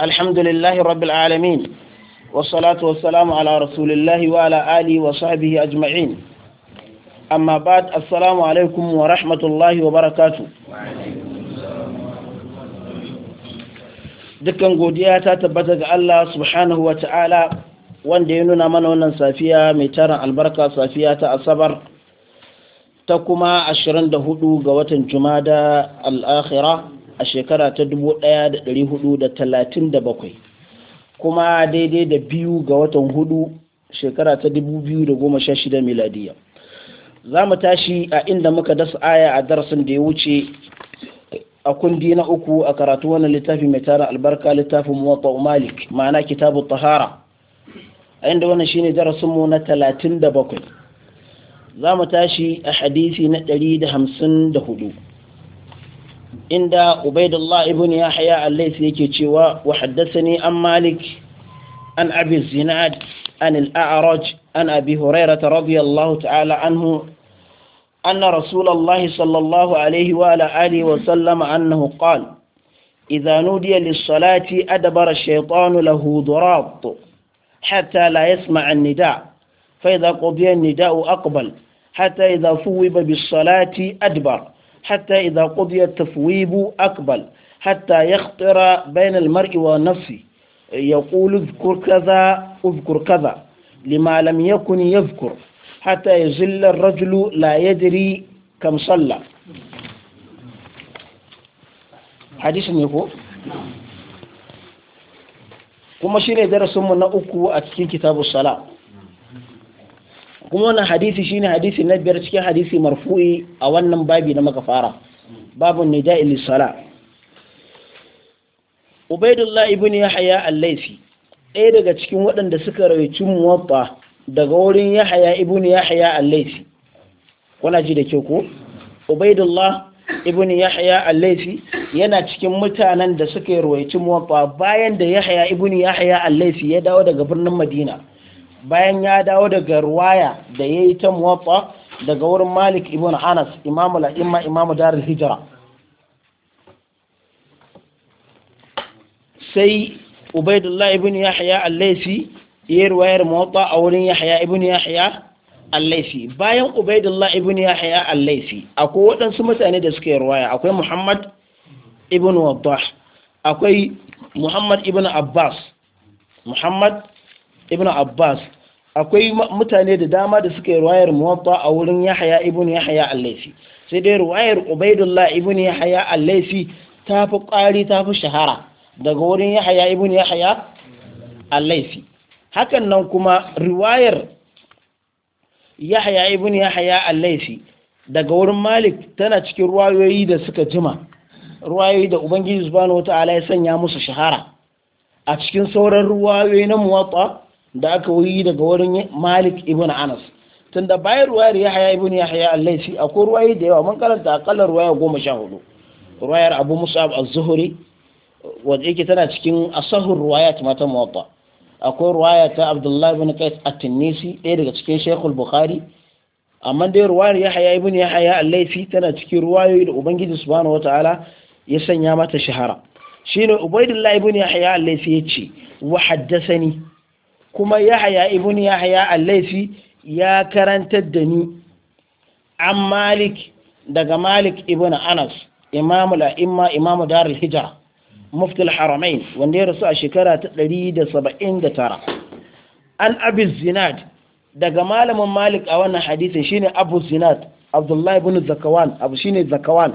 alhamdulillah rabbil alamin wasalatu wassalamu ala rasulillahi wa ala ali wa sahbihi ajma'in amma ba'd assalamu alaikum wa rahmatullahi wa barakatuh dukkan godiya ta tabbata ga Allah subhanahu wa ta'ala wanda ya nuna mana wannan safiya mai tara albarka safiya ta asabar ta kuma 24 ga watan jumada al-akhirah a shekara ta 1437 kuma daidai da biyu ga watan hudu shekara ta 2016 miladiya za mu tashi a inda muka dasa aya a darasin da ya wuce a kundi na uku a karatu wannan littafi mai tara albarka littafin muwatta malik ma'ana kitabu tahara a inda wannan shine darasinmu na 37 za mu tashi a hadisi na 154 inda ubaidullah ibn yahya al-laythi yake cewa wa an malik an abi zinad an al-a'raj an abi hurayra radiyallahu ta'ala anhu anna rasulullah sallallahu alayhi wa ala wa sallam annahu qala idha nudiya lis-salati adbara ash-shaytanu lahu durat hatta la yasma' an-nida' fa idha qudiya an-nida' aqbal hatta idha fuwiba bis-salati adbara حتى إذا قضي التفويب أقبل حتى يخطر بين المرء ونفسه يقول اذكر كذا اذكر كذا لما لم يكن يذكر حتى يزل الرجل لا يدري كم صلى حديث يقول kuma shine darasinmu na uku a cikin kitabu salam kuma wannan hadisi shine hadisi na biyar cikin hadisi marfu'i a wannan babi na muka fara babun nida'i lis Ubaidullah ibn Yahya al-Laythi ɗaya daga cikin waɗanda suka rawaici muwatta daga wurin Yahya ibn Yahya al-Laythi kuna ji da ke ko Ubaidullah ibn Yahya al-Laythi yana cikin mutanen da suka rawaici muwatta bayan da Yahya ibn Yahya al-Laythi ya dawo daga birnin Madina bayan ya dawo daga ruwaya da ya yi ta muwatsa daga wurin malik ibn anas imamu la'imma imamu darul hijira sai ubaidullah ibn yahya allaisi laisi ya ruwayar muwatsa a wurin yahya ibn yahya allaisi bayan ubaidullah ibn yahya allaisi akwai waɗansu mutane da suke ruwaya akwai muhammad ibn waddah akwai muhammad ibn abbas muhammad ibn abbas akwai mutane da dama da suka yi ruwayar muwatta a wurin yahya ibn yahya al-laifi sai dai ruwayar ubaidullah ibn yahya al-laifi ta fi ƙari ta fi shahara daga wurin yahya ibn yahya al-laifi hakan nan kuma riwayar yahya ibn yahya al-laifi daga wurin malik tana cikin ruwayoyi da suka jima ruwayoyi da ubangiji subhanahu wata'ala ya sanya musu shahara a cikin sauran ruwayoyi na muwatta da aka wuyi daga wurin malik ibn anas tunda bayan ruwayar yahya ibn yahya al-laisi akwai ruwayi da yawa mun karanta akalla ruwaya goma sha hudu ruwayar abu musab az-zuhri wanda yake tana cikin asahur ruwayat mata muwatta akwai ruwaya ta abdullahi ibn qais at ɗaya daga cikin shaykhul bukhari amma dai ruwayar yahya ibn yahya al-laisi tana cikin ruwayoyi da ubangiji subhanahu wataala ya sanya mata shahara shine ubaidullahi ibn yahya al-laisi yace wa haddathani kuma yahya ibn yahya al-laifi ya karantar da ni an malik daga malik ibn anas imamu la'imma imamu darul hijra muftul haramain wanda ya rasu a shekara ta 179 an abu zinad daga malamin malik a wannan hadisin shine abu zinad abdullahi ibn zakawan abu shine zakawan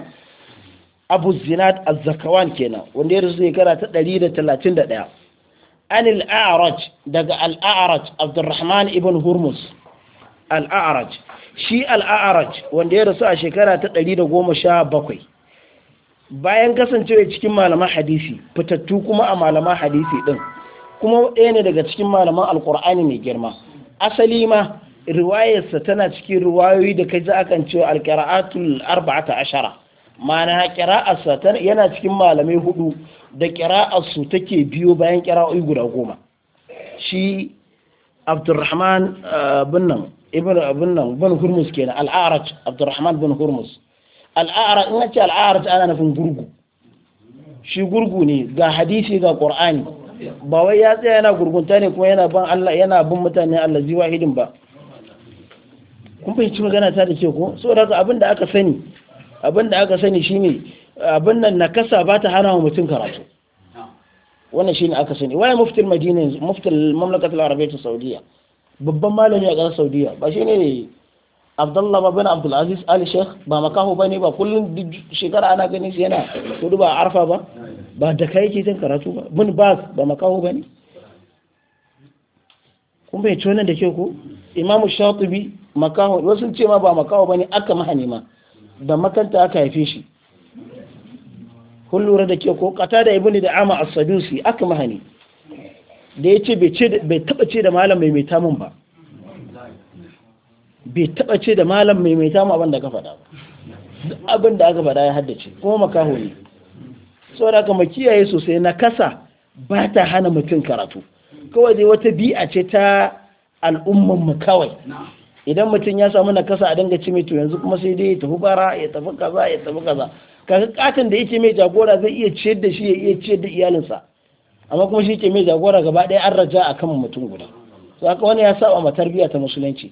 abu zinad az-zakawan kenan wanda ya rasu shekara ta 131 Anil al-a'raj daga al-a'raj Abdurrahman ibn Hurmus al-a'raj shi al-a'raj wanda ya rasu a shekara ta bakwai. bayan kasancewa cikin malaman hadisi fitattu kuma a malaman hadisi din kuma ɗaya ne daga cikin malaman alkur'ani mai girma asali ma riwayarsa tana cikin riwayoyi da kai za a kan cewa alƙira'atul arba'ata ashara ma'ana kira'arsa yana cikin malamai hudu da ƙira'arsu take biyo bayan ƙira'o'i guda goma shi abdurrahman eh, binnan ibn abin bin hurmus kenan al'araj abdurrahman bin hurmus al'araj in ce al'araj ana nufin gurgu shi gurgu ne ga hadisi ga qur'ani ba wai ya tsaya yana gurgunta ne kuma yana bin Allah yana bin mutane Allah ziwa wahidin ba kun fahimci magana ta da ke ko saboda abin da aka sani abin da aka sani shine abin nan na kasa ba ta hana wa mutum karatu wannan shi ne aka sani waye muftin madina muftin mamlakatul arabiyyah ta saudiya babban malami a ƙasar saudiya ba shi ne. abdullah ba bin abdul aziz ali sheikh ba makaho ba ne ba kullum shekara ana ganin shi yana kudu ba arfa ba ba da kai ke jin karatu ba bin Ba ba makaho ba ne kun bai ci da ke ko imamu shatubi makaho wasu ce ma ba makaho ba ne aka mahani ma. da makanta aka haife shi kun lura da ke ko kata da ibini da ama as-sadusi aka mahani da ya ce bai taba ce da malam mai mai mun ba bai taba ce da malam mai mai tamun abin da ka faɗa ba Abinda aka faɗa ya haddace kuma makaho ne da haka makiyaye sosai na kasa ba ta hana mutum karatu kawai dai wata bi'a ce ta al'umman mu kawai idan mutum ya samu na kasa a dinga ci mai to yanzu kuma sai dai ya tafi bara ya tafi kaza ya tafi kaza kaga katon da yake mai jagora zai iya ciyar da shi ya iya ciyar da iyalinsa amma kuma shi ke mai jagora gaba ɗaya an raja a kan mutum guda to haka wani ya saba ma tarbiyya ta musulunci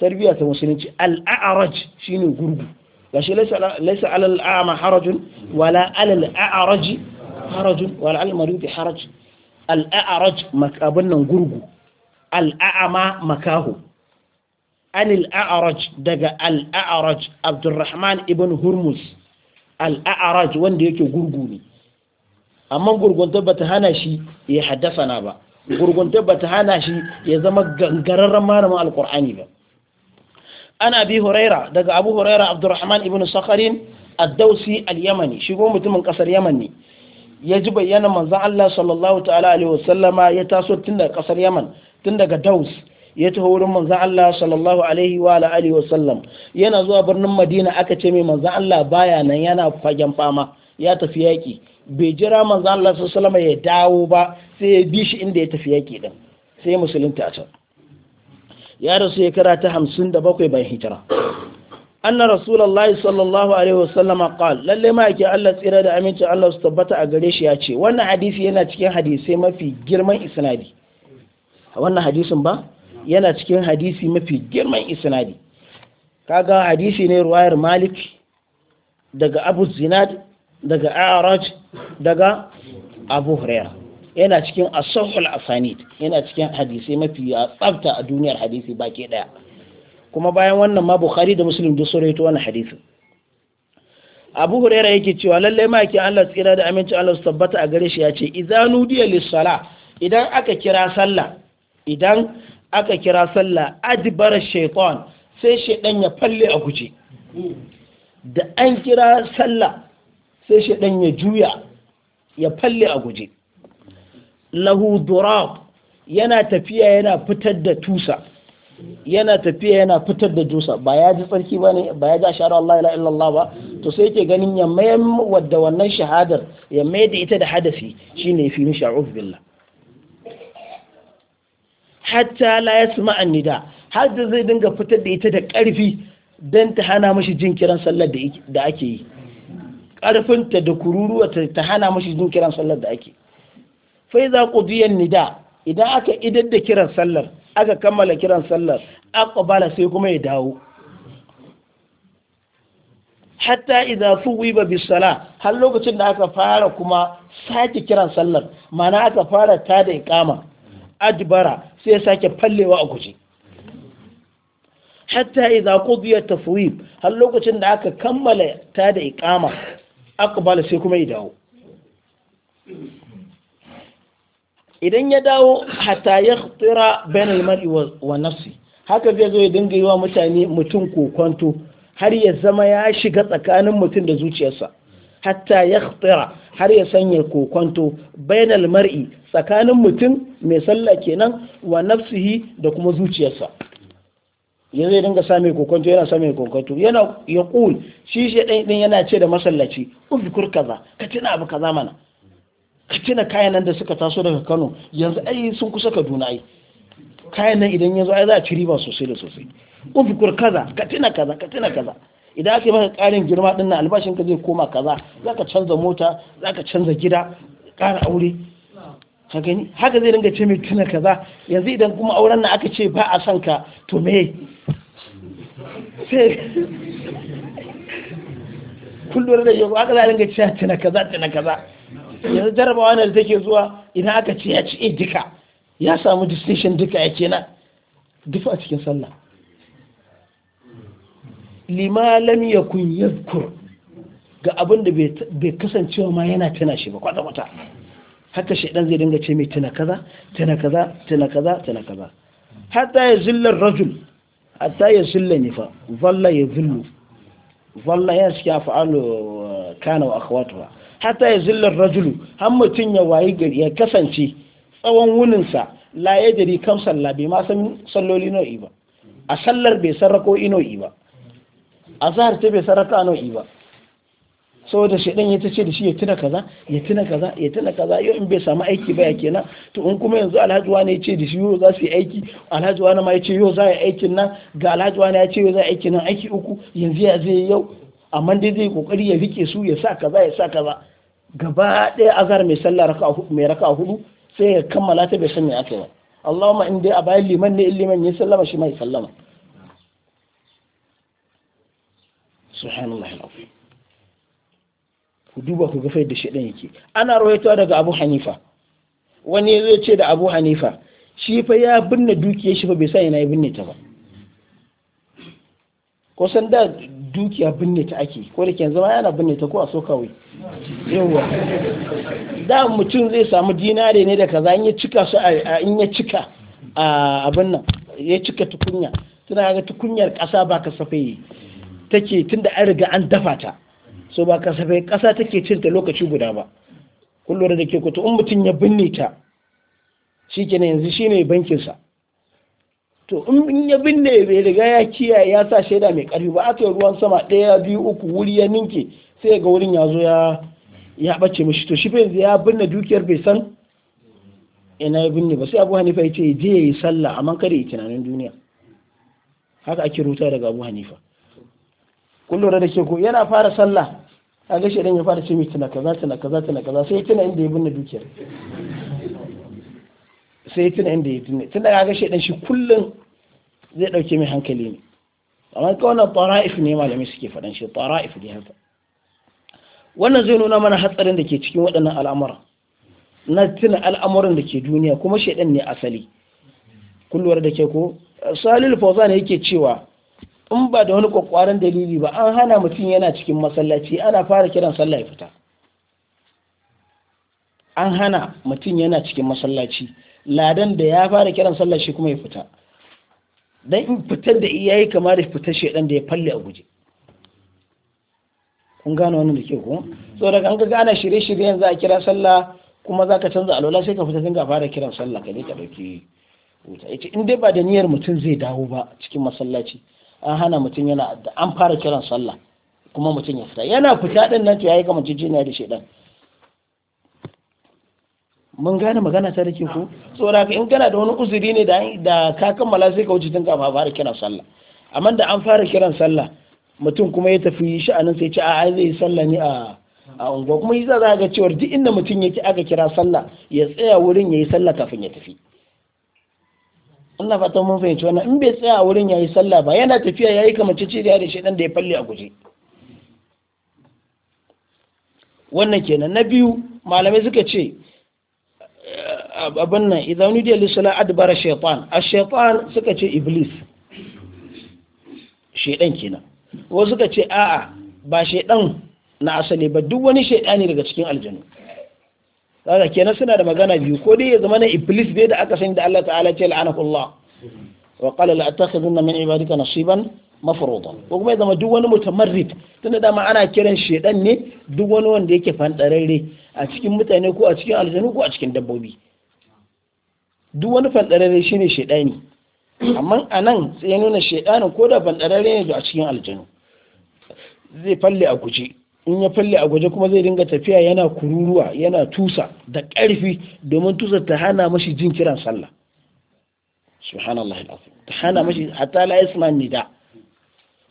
tarbiyya ta musulunci al-a'raj shine gurgu gashi laysa alal a'ma harajun wala alal a'raj harajun wala alal maridi haraj al-a'raj makabun nan gurgu al-a'ma makahu anil a'raj daga al-a'raj abdurrahman ibn hurmus al'a'araj wanda yake gurguni amma gurgunta ba ta hana shi ya haddasa na ba gurgunta ba ta hana shi ya zama gangararren malamin alkur'ani ba ana bi huraira daga abu huraira abdurrahman ibn sakharin addausi al-yamani shigo mutumin kasar yaman ne ya ji bayyana manzan allah sallallahu ta'ala alaihi wasallama ya taso tun daga kasar yaman tun daga daus ya taho wurin manzan Allah sallallahu alaihi wa alihi wasallam yana zuwa birnin Madina aka ce mai manzan Allah baya nan yana fagen fama ya tafi yaƙi bai jira manzan Allah sallallahu alaihi ya dawo ba sai ya bi shi inda ya tafi yaƙi din sai musulunta ta ya rasu ya kara ta 57 ban hijira anna rasulullahi sallallahu alaihi wasallam qal lalle ma yake Allah tsira da aminci Allah su tabbata a gare shi ya ce wannan hadisi yana cikin hadisai mafi girman isnadi wannan hadisin ba yana cikin hadisi mafi girman isnadi kaga hadisi ne ruwayar malik daga abu zinad daga araj daga abu huraira yana cikin asahul asanid yana cikin hadisi mafi tsafta a duniyar hadisi baki daya kuma bayan wannan ma bukhari da muslim duk sun rawaito wannan hadisin abu huraira yake cewa lallai maki Allah tsira da aminci Allah su tabbata a gare shi ya ce idan lissala idan aka kira sallah idan aka kira sallah adibar shaitan sai shaitan ya falle a guje da an kira sallah sai shaitan ya juya ya falle a guje lahu durab yana tafiya yana fitar da tusa yana tafiya yana fitar da tusa ba ya ji tsarki ba ne ba ya ji ashara Allah ila illallah ba to sai yake ganin ya mayar wadda wannan shahadar ya mayar da ita da hadasi shine fi mishi a'udhu billah hatta la an annida har da zai dinga fitar da ita da ƙarfi don ta hana mashi jin kiran sallar da ake yi ƙarfinta da kururuwa ta hana mashi jin kiran sallar da ake fai za ku biyan nida idan aka idar da kiran sallar aka kammala kiran sallar aqbala sai kuma ya dawo hatta idza fuwiba bi sala har lokacin da aka fara kuma sake kiran sallar mana aka fara ta da iqama adbara sai ya sake fallewa a guje hatta idza qudiya tafwid har lokacin da aka kammala ta da iqama aqbala sai kuma ya dawo idan ya dawo hatta ya tsira bainal mar'i wa nafsi haka zai zo ya dinga yi wa mutane mutum kokonto har ya zama ya shiga tsakanin mutum da zuciyarsa hatta ya har ya sanya kokonto bainal mar'i tsakanin mutum mai sallah kenan wa nafsihi da kuma zuciyarsa ya zai dinga mai kokonto yana same kokonto yana ya kul shi shi ɗan ɗin yana ce da masallaci uzkur kaza ka tuna abu kaza mana ka tuna kayan nan da suka taso daga Kano yanzu ai sun kusa Kaduna ai kayan nan idan yanzu ai za a ci riba sosai da sosai uzkur kaza ka tuna kaza ka tuna kaza idan aka yi maka ƙarin girma din nan albashin ka zai koma kaza zaka canza mota zaka canza gida ƙara aure ka gani haka zai dinga ce mai tuna kaza yanzu idan kuma auren nan aka ce ba a son ka to me kullum da yau aka za dinga cewa tuna kaza tuna kaza yanzu jarabawa ne da take zuwa idan aka ce ya ci duka ya samu distinction duka ya na duk a cikin sallah lima lam yakun yadhkur ga abin da bai kasancewa ma yana tana shi ba kwata kwata haka shaidan zai dinga ce mai tana kaza tana kaza tana kaza tana kaza hatta ya zilla rajul hatta ya zilla nifa zalla ya zillu zalla ya suke fa'alu eh, kana wa akhwatuha hatta ya zilla rajul har mutun ya wayi gari ya kasance tsawon wuninsa la ya jari kam salla bai ma san salloli nau'i ba a sallar bai sarrako ino'i ba azhar ta bai saraka nau'i ba saboda shaidan ya ce da shi ya tuna kaza ya tuna kaza ya tuna kaza yau in bai samu aiki ba ya kenan to in kuma yanzu alhaji wani ya ce da shi yau za su yi aiki alhaji wani ma ya ce yau za yi aikin nan ga alhaji wani ya ce yau za yi aikin nan aiki uku yanzu ya zai yau amma dai zai kokari ya rike su ya sa kaza ya sa kaza gaba ɗaya azhar mai sallah raka hudu mai raka hudu sai ya kammala ta bai san me aka ba Allahumma in dai a bayan liman ne in liman ya sallama shi mai sallama subhanallahi alazim ku duba ku fa yadda shedan yake ana rawaitowa daga Abu Hanifa wani zai ce da Abu Hanifa shi fa ya binne dukiyar shi fa bai san ina ya binne ta ba ko san da dukiya binne ta ake ko da yanzu ma yana binne ta ko a so kawai yawa da mutum zai samu dinare ne da kaza in ya cika su a in ya cika a abin nan ya cika tukunya tana ga tukunyar kasa ba kasafai take tun da an riga an dafa ta so ba kasafai kasa take cin ta lokaci guda ba kullum da ke kuto in mutum ya binne ta shi ke yanzu shi ne bankinsa to in ya binne bai riga ya kiyaye ya sa shaida mai karfi ba aka ruwan sama ɗaya biyu uku wuri ya ninke sai ga wurin ya zo ya ya bace mishi to shi fa yanzu ya binne dukiyar bai san ina ya binne ba sai abu hanifa ya ce je ya yi sallah amma kada ya tunanin duniya haka ake ruta daga abu hanifa kun lura da ke ko yana fara sallah a gashi idan ya fara ce tuna kaza tuna kaza tuna kaza sai tuna inda ya binne dukiyar sai tuna inda ya binne tuna ga gashi idan shi kullum zai dauke mai hankali ne amma ka wannan tara'if ne malamai suke faɗan shi tara'if ne haka wannan zai nuna mana hatsarin da ke cikin waɗannan al'amura na tuna al'amuran da ke duniya kuma shaidan ne asali kullum da ke ko salil fawzan yake cewa in ba da wani kwakwaran dalili ba an hana mutum yana cikin masallaci ana fara kiran sallah ya fita an hana mutum yana cikin masallaci ladan da ya fara kiran sallah shi kuma ya fita dan in fitar da iyayi kama da fitar shedan da ya falle a guje kun gane wannan da ke ko so daga an ga gane shirye-shiryen za a kira sallah kuma za ka canza alola sai ka fita tun ga fara kiran sallah ka ne ka dauki wuta ita in dai ba da niyyar mutum zai dawo ba cikin masallaci an hana mutum yana adda an fara kiran sallah kuma mutum ya fita yana fita din nan to yayi ga mutum jiniya da shedan mun gane magana ta dake ko saboda in kana da wani uzuri ne da ka kammala sai ka wuce tun ka fara kiran sallah amma da an fara kiran sallah mutum kuma ya tafi sha'anin sai ya ce a zai yi sallah ne a a unguwa kuma yi za a ga cewar duk inda mutum yake aka kira sallah ya tsaya wurin ya yi sallah kafin ya tafi ina fata mun fahimci wannan in bai tsaya a wurin yayi sallah ba yana tafiya yayi kamar cici da da shedan da ya falle a guje wannan kenan na biyu malamai suka ce eh, abin nan idan nudiya lissala adbara shaytan a shaytan suka ce iblis shedan kenan wasu suka ce a'a ba shedan na asali ba duk wani ne daga cikin aljanu kaga kenan suna da magana biyu ko dai ya zama na iblis dai da aka sani da Allah ta'ala ce la'anakullah wa qala la attakhidunna min ibadika nasiban mafruḍa ko kuma ya zama duk wani mutamarrid tunda dama ana kiran shedan ne duk wani wanda yake fanɗarare a cikin mutane ko a cikin aljanu ko a cikin dabbobi duk wani fandarare shine shedani amma anan sai ya nuna shedanin ko da fandarare ne a cikin aljanu zai falle a guje in ya falle a gwaje kuma zai dinga tafiya yana kururuwa yana tusa da ƙarfi domin tusa ta hana mashi jin kiran sallah subhanallah ta hana mashi hatta la isma nida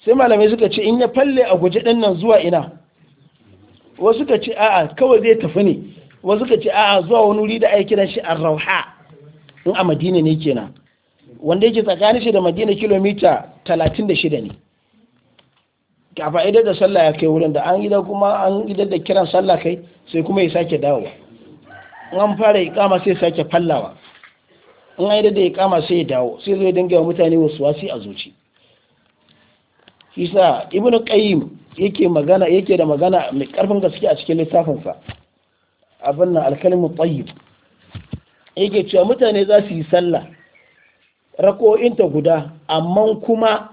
sai malamai suka ce in ya falle a gwaje din nan zuwa ina wasu suka ce a'a kawai zai tafi ne wasu suka ce a'a zuwa wani wuri da ake kiran shi ar-rauha in a Madina ne kenan wanda yake tsakanin shi da Madina kilomita 36 ne kafa idan da sallah ya kai wurin da an gida kuma an yi da kiran sallah kai sai kuma ya sake dawo. in an fara ikama sai sake fallawa in an gida da ikama sai ya dawo sai zai dinga wa mutane wasu wasi a zuci isa ibnu qayyim yake magana yake da magana mai karfin gaske a cikin littafin sa abin nan alkalimu tayyib yake cewa mutane za su yi sallah ta guda amma kuma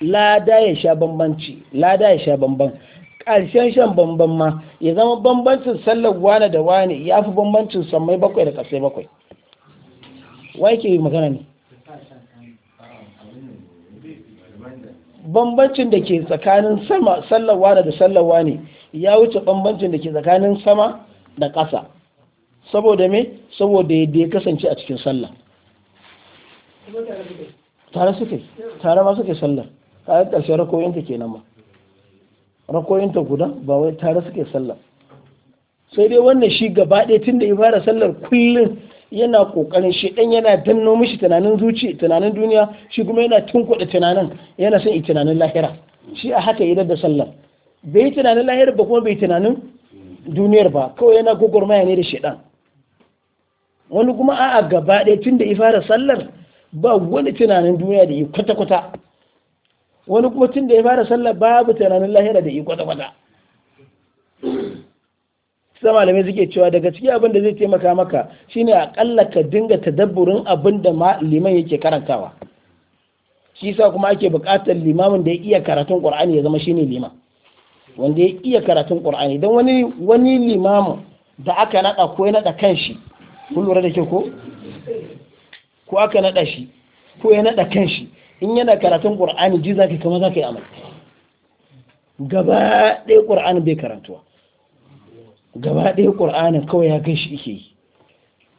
lada ya sha bambanci lada ya sha bamban ƙarshen shan bamban ma ya zama bambancin sallar wane da wane ya fi bambancin samai bakwai da ƙasai bakwai wai ke magana ne bambancin da ke tsakanin sama sallar wane da sallar wane ya wuce bambancin da ke tsakanin sama da ƙasa saboda me saboda yadda ya kasance a cikin sallah tare suke tare ma suke sallar kayan ƙarshen rakoyinta kenan ma rakoyinta guda ba wai tare suke sallah sai dai wannan shi gaba ɗaya tun da ya fara sallar kullum yana ƙoƙarin shi ɗan yana danno mishi tunanin zuci tunanin duniya shi kuma yana tunkuɗa tunanin yana son tunanin lahira shi a haka idan da sallar bai tunanin lahira ba kuma bai tunanin duniyar ba kawai yana gwagwarmaya ne da shaidan wani kuma a'a gaba ɗaya tun da ya fara sallar ba wani tunanin duniya da ya kwata-kwata wani kuma tun da ya fara sallar babu tunanin lahira da yi kwata-kwata sai malamai suke cewa daga ciki abin da zai taimaka maka shine akalla ka dinga tadabburin abin da liman yake karantawa shi sa kuma ake buƙatar limamin da ya iya karatun qur'ani ya zama shine liman wanda ya iya karatun qur'ani dan wani wani limamin da aka nada ko ya nada kanshi kun lura da ke ko ko aka nada shi ko ya nada kanshi in yana karatun qur'ani ji zaka kama zaka yi amal gaba ɗaya ƙur'ani bai karantuwa gaba ɗaya ƙur'ani kawai ya kai shi ike yi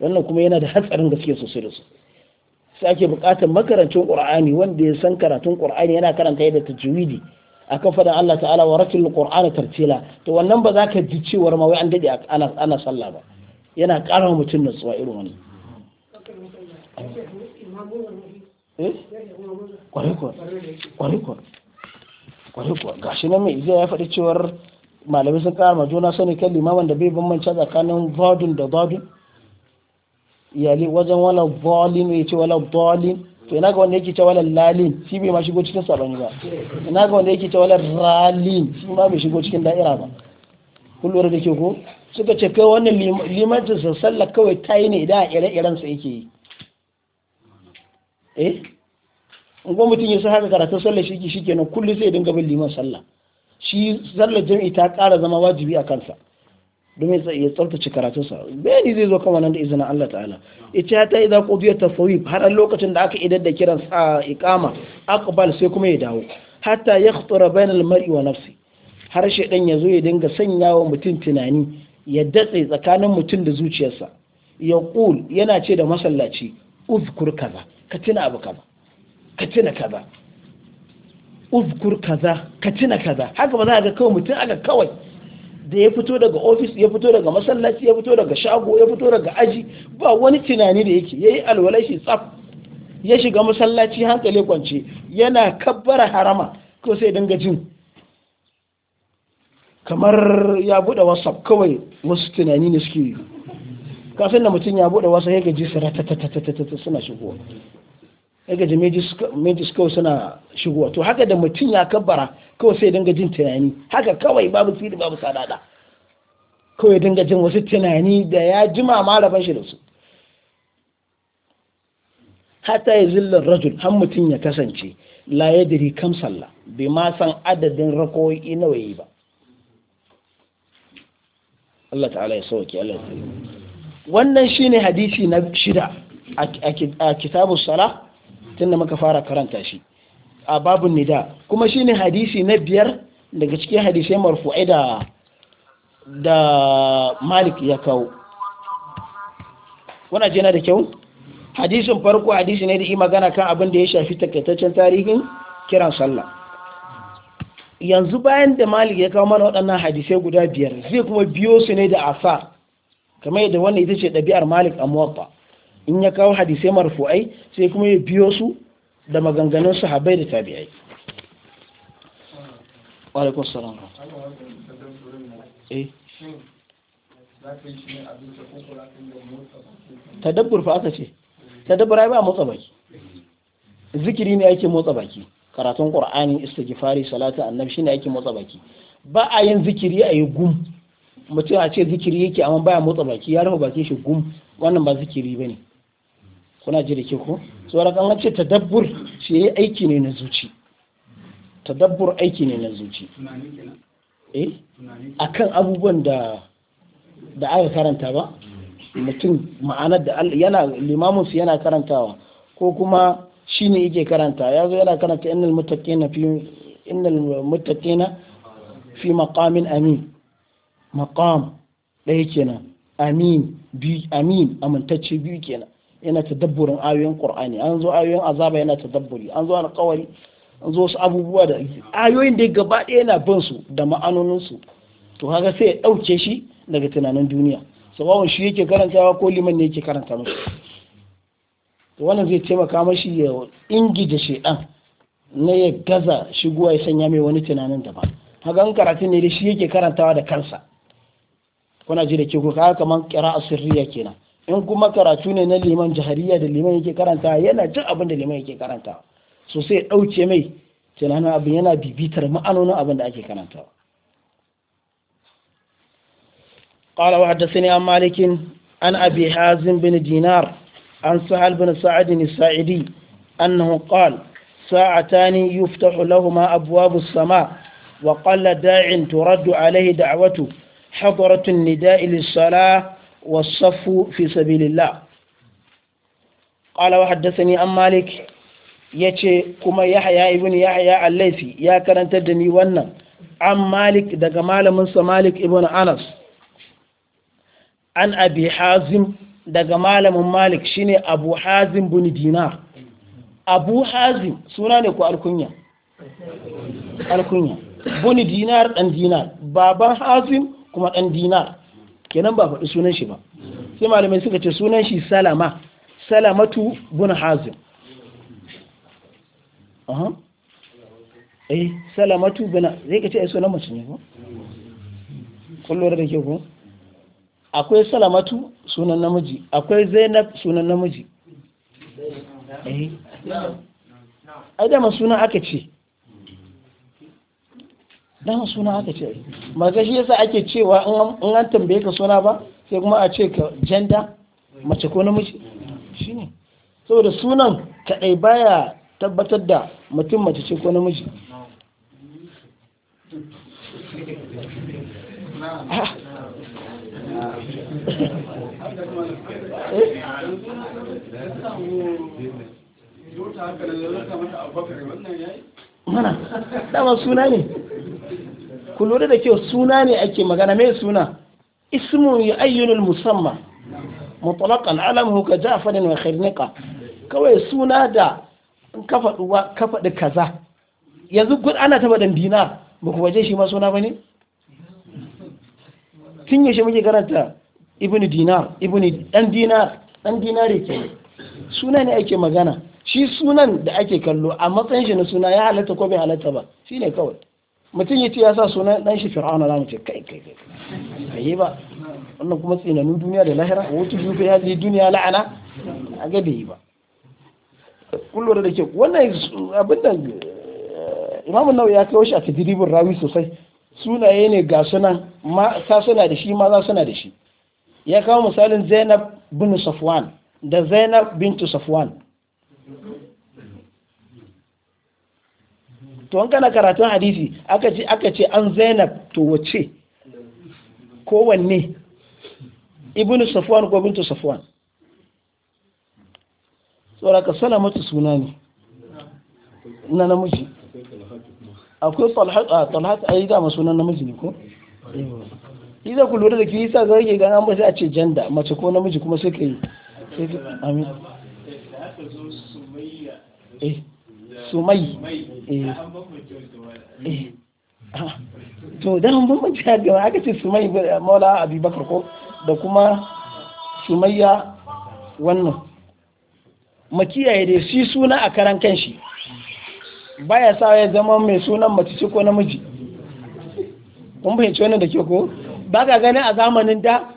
wannan kuma yana da hatsarin gaske sosai da Su sai ake buƙatar makarancin ƙur'ani wanda ya san karatun ƙurani yana karanta yadda ta A akan faɗin Allah ta'ala wa ratul ƙur'ani tartila to wannan ba za ka ji cewar ma wai an dade ana ana sallah ba yana ƙara mutum natsuwa irin wani Eh? kwarikuwa gashi na mai zai ya faɗi cewar malamai sun ƙara juna sani kan limaman da bai bambance tsakanin vodun da vodun iyali wajen wala volin ya ce wala volin to ina ga wanda yake ce wala lalin shi bai ma shigo cikin sabani ba ina ga wanda yake ce wala ralin shi ma bai shigo cikin da'ira ba kun da ke ko suka ce kai wannan limancin sa kawai kawai yi ne idan a ire-irensa yake yi eh in ko mutum ya haka karatun sallar shi shi kenan kullum sai dinga bin liman sallah shi sallar jami'i ta kara zama wajibi a kansa domin ya tsaftace sa bayani zai zo kamar nan da izinin Allah ta'ala ita ta idan qudiya tasawif har a lokacin da aka idar da kiran sa iqama aqbal sai kuma ya dawo hatta yakhtura bainal mar'i wa nafsi har shedan ya zo ya dinga sanyawa mutum tunani ya datse tsakanin mutum da zuciyarsa ya yana ce da masallaci uzkur kaza ka tuna abu kaza ka tuna kaza uzkur kaza ka tuna kaza haka ba za ga kawai mutum aka kawai da ya fito daga ofis ya fito daga masallaci ya fito daga shago ya fito daga aji ba wani tunani da yake yayi alwalashi tsaf ya shiga masallaci hankali kwance yana kabbara harama ko sai dinga jin kamar ya bude whatsapp kawai wasu tunani ne suke yi. kafin da mutum ya bude wasu yaga su su suna shigowa yaga ji majis kawai suna shigowa to haka da mutum ya kabbara kawai sai dinga jin tunani haka kawai babu siri babu sadada kawai dinga jin wasu tunani da ya jima ma raban shi da su hatta ya zillar rajul har mutum ya kasance la yadri kam sallah bai ma san adadin rakoyi nawa yi ba Allah ta'ala ya sauke Allah ya wannan shine hadisi na shida a kitabu sala tun da muka fara karanta shi a babun nida kuma shine hadisi na biyar daga cikin hadisai marfu'ai da da malik ya kawo wana jina da kyau hadisin farko hadisi ne da yi magana kan abin da ya shafi takaitaccen tarihin kiran sallah yanzu bayan da malik ya kawo mana waɗannan hadisai guda biyar zai kuma biyo su ne da asar kamar yadda wannan ita ce ɗabi'ar malik a muwatta in ya kawo hadisai marfu'ai sai kuma ya biyo su da maganganun habai da tabi'ai salam eh. tadabbur fa aka ce tadabbur ai ba motsa baki zikiri ne ake motsa baki karatun qur'ani istighfari salatu annabi shine ake motsa baki ba a yin zikiri a yi gum mutum a ce zikiri yake amma baya motsa baki ya rufe bakin shi gum wannan ba zikiri ba ne kuna ji da ke ko tsoron kan ce tadabbur shi ya aiki ne na zuci tadabbur aiki ne na zuci eh kan abubuwan da da aka karanta ba mutum ma'anar da yana limamin su yana karantawa ko kuma shi ne yake karanta ya zo yana karanta innal muttaqina fi innal muttaqina fi maqamin amin maqam ɗaya kenan amin bi amin amintacce biyu kenan yana tadabburin ayoyin qur'ani an zo ayoyin azaba yana tadabburi an zo alƙawari an zo wasu abubuwa da ayoyin da gaba ɗaya yana bin su da ma'anonin su to haka sai ya ɗauke shi daga tunanin duniya sabawon shi yake karantawa ko liman ne yake karanta mashi to wannan zai taimaka mashi ya ingida shedan na ya gaza shigowa ya sanya mai wani tunanin daban hagan an karatu ne da shi yake karantawa da kansa kuna ji da ke kuka kamar kira sirriya kenan in kuma karatu ne na liman jahariya da liman yake karanta yana jin abin da liman yake karanta so sai ɗauke mai tunanin abin yana bibitar ma'anonin abin da ake karanta قال وحدثني عن مالك عن أبي حازم بن دينار عن سهل بن سعد الساعدي أنه قال ساعتان يفتح لهما أبواب السماء وقل داع ترد عليه دعوته hadratun nida'i lis-salah was-saffu fi sabilillah qala wa yace kuma yahya yahya al-laythi ya karantar da ni wannan an sa malik ibn anas abi hazim daga malamin malik shine abu hazim bin dinar abu hazim suna baban hazim kuma ɗan dinar kenan ba faɗi sunan shi ba sai malamai suka ce sunan shi salama salamatu bin hazim eh salamatu bin zai ka ce ai sunan mace ne ko kullum da ke ko akwai salamatu sunan namiji akwai zainab sunan namiji eh ai da sunan aka ce dan suna aka ce Maza shi yasa ake cewa in an tambaye ka suna ba sai kuma a ce ka janda mace ko namiji shine saboda sunan kadai baya tabbatar da mutum mace ce ko namiji ah. eh? mana dama suna ne ku lura da kyau suna ne ake magana mai suna ismu ya ayyunul musamman mutlaqan alamu ka jafarin wa khirnika kawai suna da ka faɗi kaza yanzu gud ana ta faɗin dinar ba ku waje shi ma suna ba ne tun yaushe muke karanta ibn dinar ibn dan dinar dan Dinar ke suna ne ake magana shi sunan da ake kallo a matsayin shi na suna ya halatta ko bai halatta ba shine kawai mutum ya ce ya sa sunan dan shi fir'auna na ce kai kai kai yi ba wannan kuma tsinanin duniya da lahira a wuce duka ya zai duniya la'ana a ga yi ba kullum da ke wannan abin da eh, imamu nawa ya kawo shi a diribin rawi sosai sunaye ne ga sunan ta suna da shi ma maza suna da shi ya kawo misalin zainab bin safwan da zainab bin safwan to an kana karatun hadisi aka ce aka ce an zainab to wace kowanne ibnu safwan ko bintu safwan tsoraka salamatu suna ne na namiji akwai talhat a yi dama sunan namiji ne ko? iza ku lura da kisa yi sa ga ke ba sai a ce janda mace ko namiji kuma sai kai yi sai amin eh. sumai eh. Eh. to da mun bambance aka ce sumai maula abubakar ko da kuma sumayya wannan makiyaye da shi suna a karan kanshi baya sa ya zama mai sunan mace ce ko namiji kun fahimci wannan da ke ko ba ka gani a zamanin da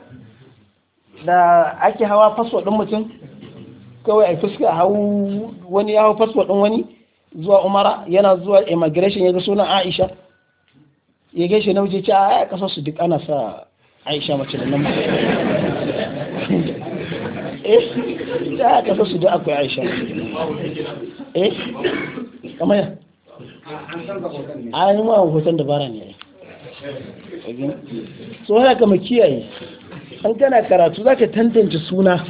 da ake hawa fasfo ɗin mutum kawai a fuska hau wani ya hau fasfo ɗin wani zuwa umara yana zuwa immigration ya ga sunan aisha ya gaishe na wuce ce a kasar su duk ana sa aisha mace da nan ta kasar su duk akwai aisha eh kamar ya a yi ma hoton dabara ne so haka kama kiyaye an kana karatu za ka tantance suna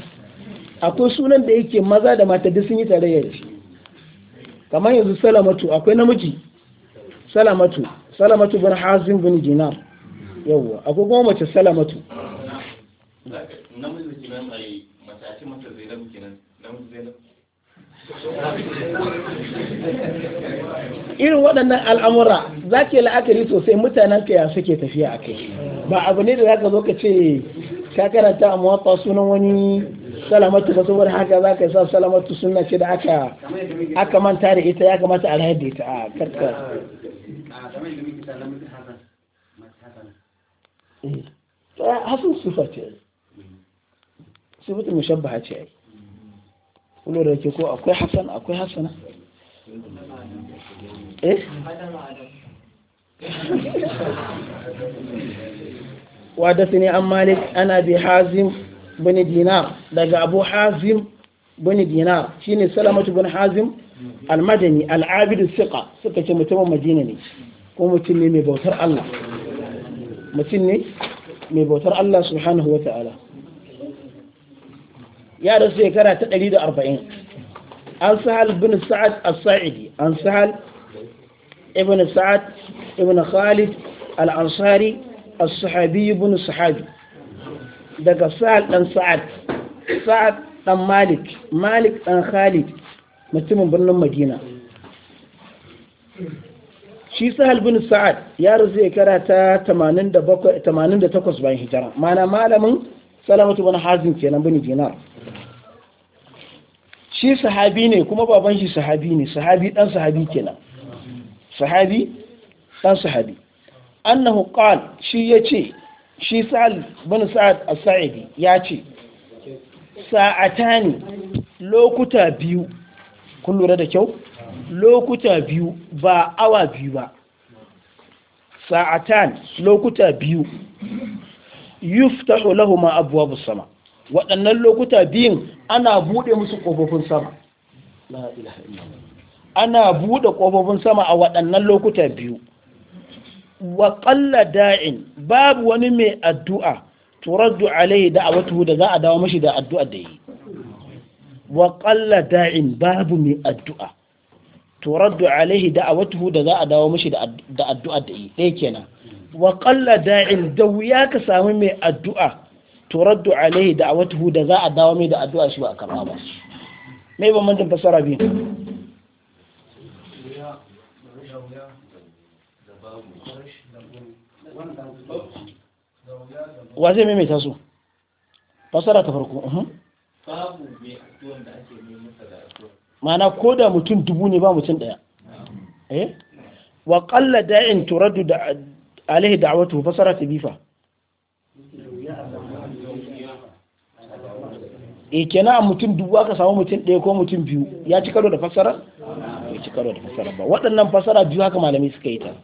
akwai sunan da yake maza da mata duk sun yi da shi kamar yanzu salamatu akwai namiji salamatu salamatu bin hazin bin dinar yawwa akwai kuma mace salamatu irin waɗannan al'amura za ke la'akari sosai mutanen ka ya suke tafiya a kai ba abu ne da za ka zo ka ce ka karanta a mawaƙa sunan wani salamatu ba saboda haka za ka sa salamatu suna ce da aka aka manta da ita ya kamata a rayar da ita a karkar hasan sufa ce sifatu mushabbaha ce ai kullum da ke ko akwai hasan akwai hasana eh وحدثني عن مالك عن ابي حازم bani dinar daga abu hazim bani dinar shine salamatu bin hazim almadani al'abidu siƙa suka ce mutumin madina ne ko mutum ne mai bautar Allah mutum ne mai bautar Allah subhanahu wata'ala ya rasu shekara ta 140 an sahal bin sa'ad as-sa'idi an sahal ibn sa'ad ibn khalid al-ansari as-sahabi ibn sahabi daga sa'ad dan sa'ad sa'ad dan malik malik dan khalid mutumin birnin madina shi sahal bin sa'ad ya rasu kara ta 88 bayan hijira mana malamin salamatu bin hazin kenan bin dinar shi sahabi ne kuma baban shi sahabi ne sahabi dan sahabi nan sahabi ɗan sahabi annahu qal shi yace shi sa'ad bin sa'ad as ya ce sa'atani lokuta biyu kun lura da kyau lokuta biyu ba awa biyu ba sa'atan lokuta biyu ma abuwa bu sama waɗannan lokuta biyun ana buɗe musu ƙofofin sama ana buɗe ƙofofin sama a waɗannan lokuta biyu wa qalla da'in babu wani mai addu'a turaddu alaihi da'awatuhu da za a dawo mashi da addu'a da yi wa qalla da'in babu mai addu'a turaddu alaihi da'awatuhu da za a dawo mashi da addu'a da yi ɗaya kenan wa qalla da'in da wuya ka samu mai addu'a turaddu alaihi da'awatuhu da za a dawo mai da addu'a shi ba a karɓa ba mai ba mun fasara biyu wa zai maimaita su fasara ta farko mana mhm. ko da mutum dubu ne ba mutum daya eh wa qalla da'in turaddu da alaihi da'watu fasara ta bifa e eh, kenan a mutum dubu aka samu mutum ɗaya ko mutum biyu ya ci karo da fasara? ya ci karo da fasara ba waɗannan fasara biyu haka malami suka yi ta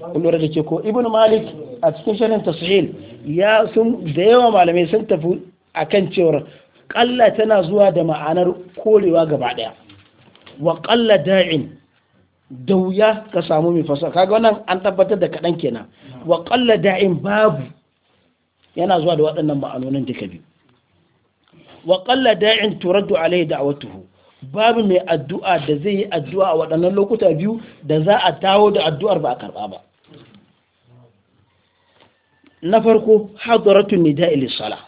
kullura da ke ko ibn malik a cikin shirin tasirin ya sun da yawa malamai sun tafi akan cewar kalla tana zuwa da ma'anar korewa gaba daya wa kalla da'in da wuya ka samu mai fasaha kaga wannan an tabbatar da kaɗan kenan wa kalla da'in babu yana zuwa da waɗannan ma'anonin duka biyu wa kalla da'in turaddu alai da'awatuhu babu mai addu'a da zai yi addu'a a waɗannan lokuta biyu da za a tawo da addu'ar ba a karɓa ba na farko hadaratun nida ilisala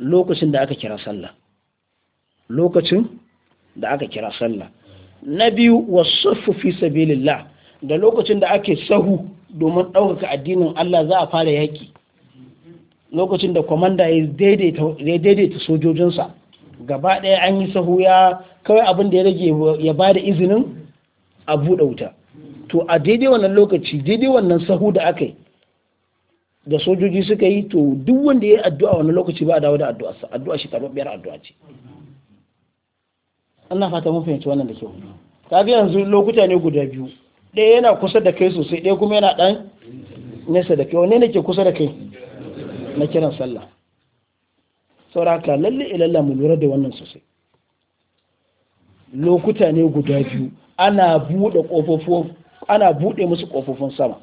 lokacin da aka kira sallah lokacin da aka kira sallah na biyu wasu fi sabilillah da lokacin da ake sahu domin ɗaukaka addinin Allah za a fara yaƙi lokacin da kwamanda ya daidaita sojojinsa gaba ɗaya an yi sahu ya kawai abin da ya rage ya bada izinin a buɗe wuta to a daidai wannan lokaci daidai wannan sahu da aka yi da sojoji suka yi to duk wanda ya yi addu'a wani lokaci ba a dawo da addu'arsa addu'a shi karɓar biyar addu'a ce Allah fata mun fahimci wannan da kyau ga yanzu lokuta ne guda biyu ɗaya yana kusa da kai sosai ɗaya kuma yana ɗan nesa da kai wane ne ke kusa da kai na kiran sallah sauraka lalle ilalla mu lura da wannan sosai lokuta ne guda biyu ana buɗe ana buɗe musu ƙofofin sama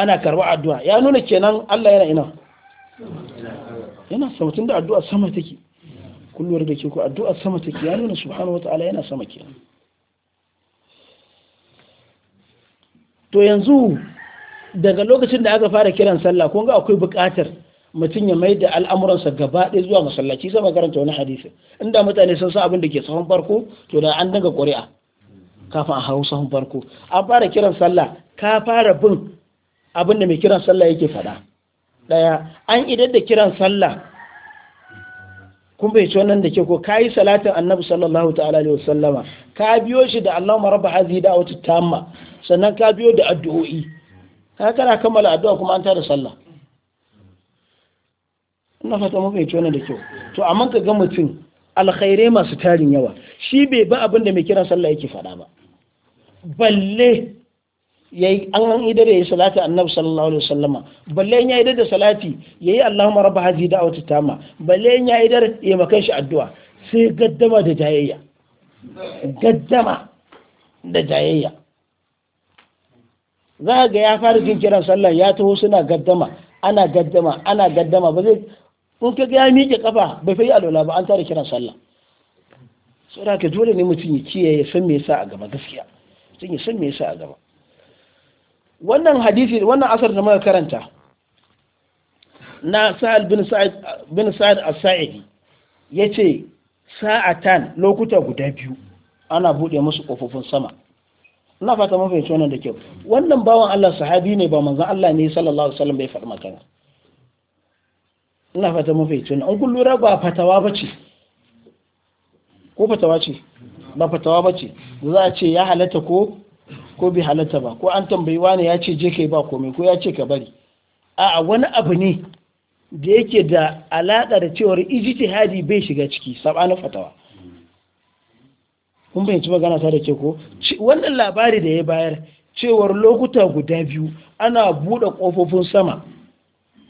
ana karɓa addu'a ya nuna kenan Allah yana ina yana sama da addu'a sama take kullum da ke ku addu'a sama take ya nuna subhanahu wata'ala yana sama kenan to yanzu daga lokacin da aka fara kiran sallah kun ga akwai buƙatar mutum ya mai da al'amuransa gaba ɗaya zuwa masallaci sai makaranta wani hadisi inda mutane sun san abin da ke sahun farko to da an daga ƙuri'a kafin a hau sahun farko an fara kiran sallah ka fara bin Abin da mai kiran sallah yake faɗa daya an idan da kiran sallah kun bai wannan da ke ko yi salatin annabi sallallahu ta'ala alaihi wasallama ka biyo shi da Allahumma rabba hazi da wata tamma sannan ka biyo da addu'o'i ka kana kammala addu'a kuma an tada sallah ina fata mun bai wannan da kyau to amma ka ga mutum alkhairai masu tarin yawa shi bai ba abin da mai kiran sallah yake faɗa ba balle yayi an an idar yayi salati annabi sallallahu alaihi wasallama balle ya idar da salati yayi allahumma rabb hadhihi da'wati tama balle in ya idar ya makan shi addu'a sai gaddama da jayayya gaddama da jayayya za ga ya fara jin kiran sallah ya taho suna gaddama ana gaddama ana gaddama ba zai in ka ya miƙe kafa bai a alwala ba an tare kiran sallah saboda ka dole ne mutum ya kiyaye san me yasa a gaba gaskiya mutum ya san me yasa a gaba wannan hadisi wannan asar da muka karanta na sa'ad bin sa'ad bin sa'ad as-sa'idi yace sa'atan lokuta guda biyu ana bude musu kofofin sama ina fata mun fahimci wannan da kyau wannan bawan Allah sahabi ne ba manzon Allah ne sallallahu alaihi wasallam bai faɗi magana ina fata mun fahimci wannan in kun lura ba fatawa bace ko fatawa ce ba fatawa bace za a ce ya halatta ko ko bai halatta ba ko an tambayi wani ya ce je kai ba komai ko ya ce ka bari a wani abu ne da yake da alaƙa da cewar ijtihadi bai shiga ciki sabana fatawa kun bayyanci magana ta da ke ko wannan labari da ya bayar cewar lokuta guda biyu ana buɗe ƙofofin sama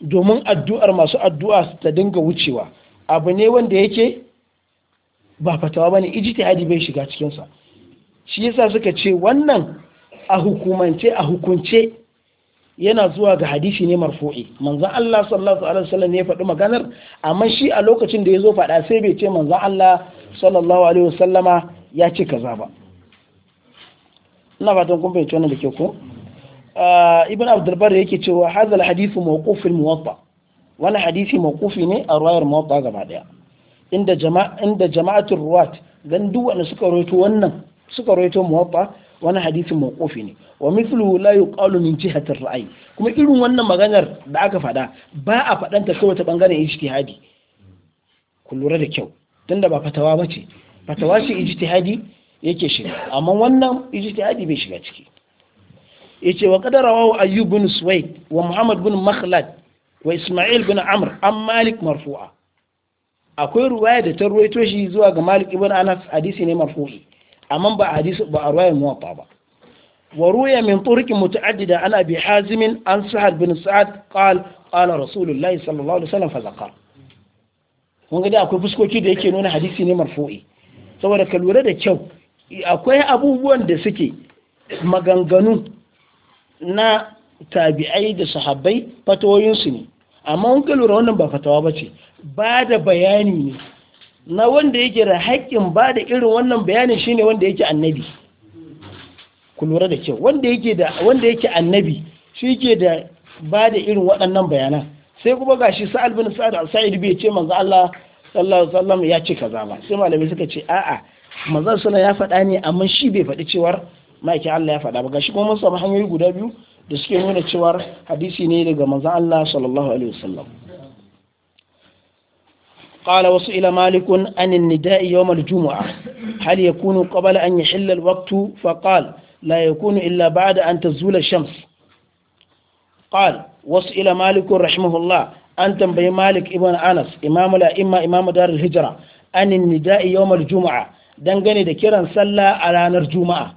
domin addu'ar masu addu'a ta dinga wucewa abu ne wanda yake ba fatawa ba bane ijtihadi bai shiga cikinsa shi yasa suka ce wannan a hukumance a hukunce yana zuwa ga hadisi ne marfu'i manzon Allah sallallahu alaihi wasallam ne ya faɗi maganar amma shi a lokacin da ya zo faɗa sai bai ce manzon Allah sallallahu alaihi wasallama ya ce kaza ba ina fatan kun fahimci wannan da ke ko ah, ibn abdul bar yake cewa hadha al mawquf mawqufun muwatta wani hadisi mawqufi ne a ruwayar muwatta gaba daya inda jama'a inda jama'atul ruwat dan duk wanda suka rawaito wannan suka rawaito muwatta wani mai kofi ne wa mithluhu la yuqalu min jihati ar-ra'yi kuma irin wannan maganar da aka faɗa ba a faɗanta kawai ta bangaren ijtihadi ku lura da kyau tunda ba fatawa bace fatawa ce ijtihadi yake shiga amma wannan ijtihadi bai shiga ciki yace wa qadara wa ayyub bin suwayd wa muhammad bin makhlad wa isma'il bin amr an malik marfu'a akwai ruwaya da ta ruwaito shi zuwa ga malik ibn anas hadisi ne marfu'i amma ba hadisi ba a ruwayar muwatta ba wa ruya min turki mutaaddida ana bi hazimin an bin sa'ad qal qala rasulullahi sallallahu alaihi wasallam fa zakar mun ga dai akwai fuskoki da yake nuna hadisi ne marfu'i saboda ka lura da kyau akwai abubuwan da suke maganganu na tabi'ai da sahabbai fatawoyinsu ne amma kun lura wannan ba fatawa bace ba da bayani ne na wanda yake da haƙƙin ba da irin wannan bayanin shine wanda yake annabi ku lura da kyau wanda yake da yake annabi shi yake da ba da irin waɗannan bayanan sai kuma gashi sa'al bin sa'ad al-sa'id bai ce manzo Allah sallallahu alaihi wasallam ya ce ka ba sai malamai suka ce a'a manzo sallallahu ya faɗa ne amma shi bai faɗi cewar ma'aikin Allah ya faɗa ba gashi kuma mun samu hanyoyi guda biyu da suke nuna cewar hadisi ne daga manzo Allah sallallahu alaihi wasallam قال وسئل مالك عن النداء يوم الجمعة هل يكون قبل أن يحل الوقت فقال لا يكون إلا بعد أن تزول الشمس قال وسئل مالك رحمه الله أن تنبي مالك ابن أنس إمام الأئمة إمام دار الهجرة عن النداء يوم الجمعة دنغني دكيرا صلى على نار جمعة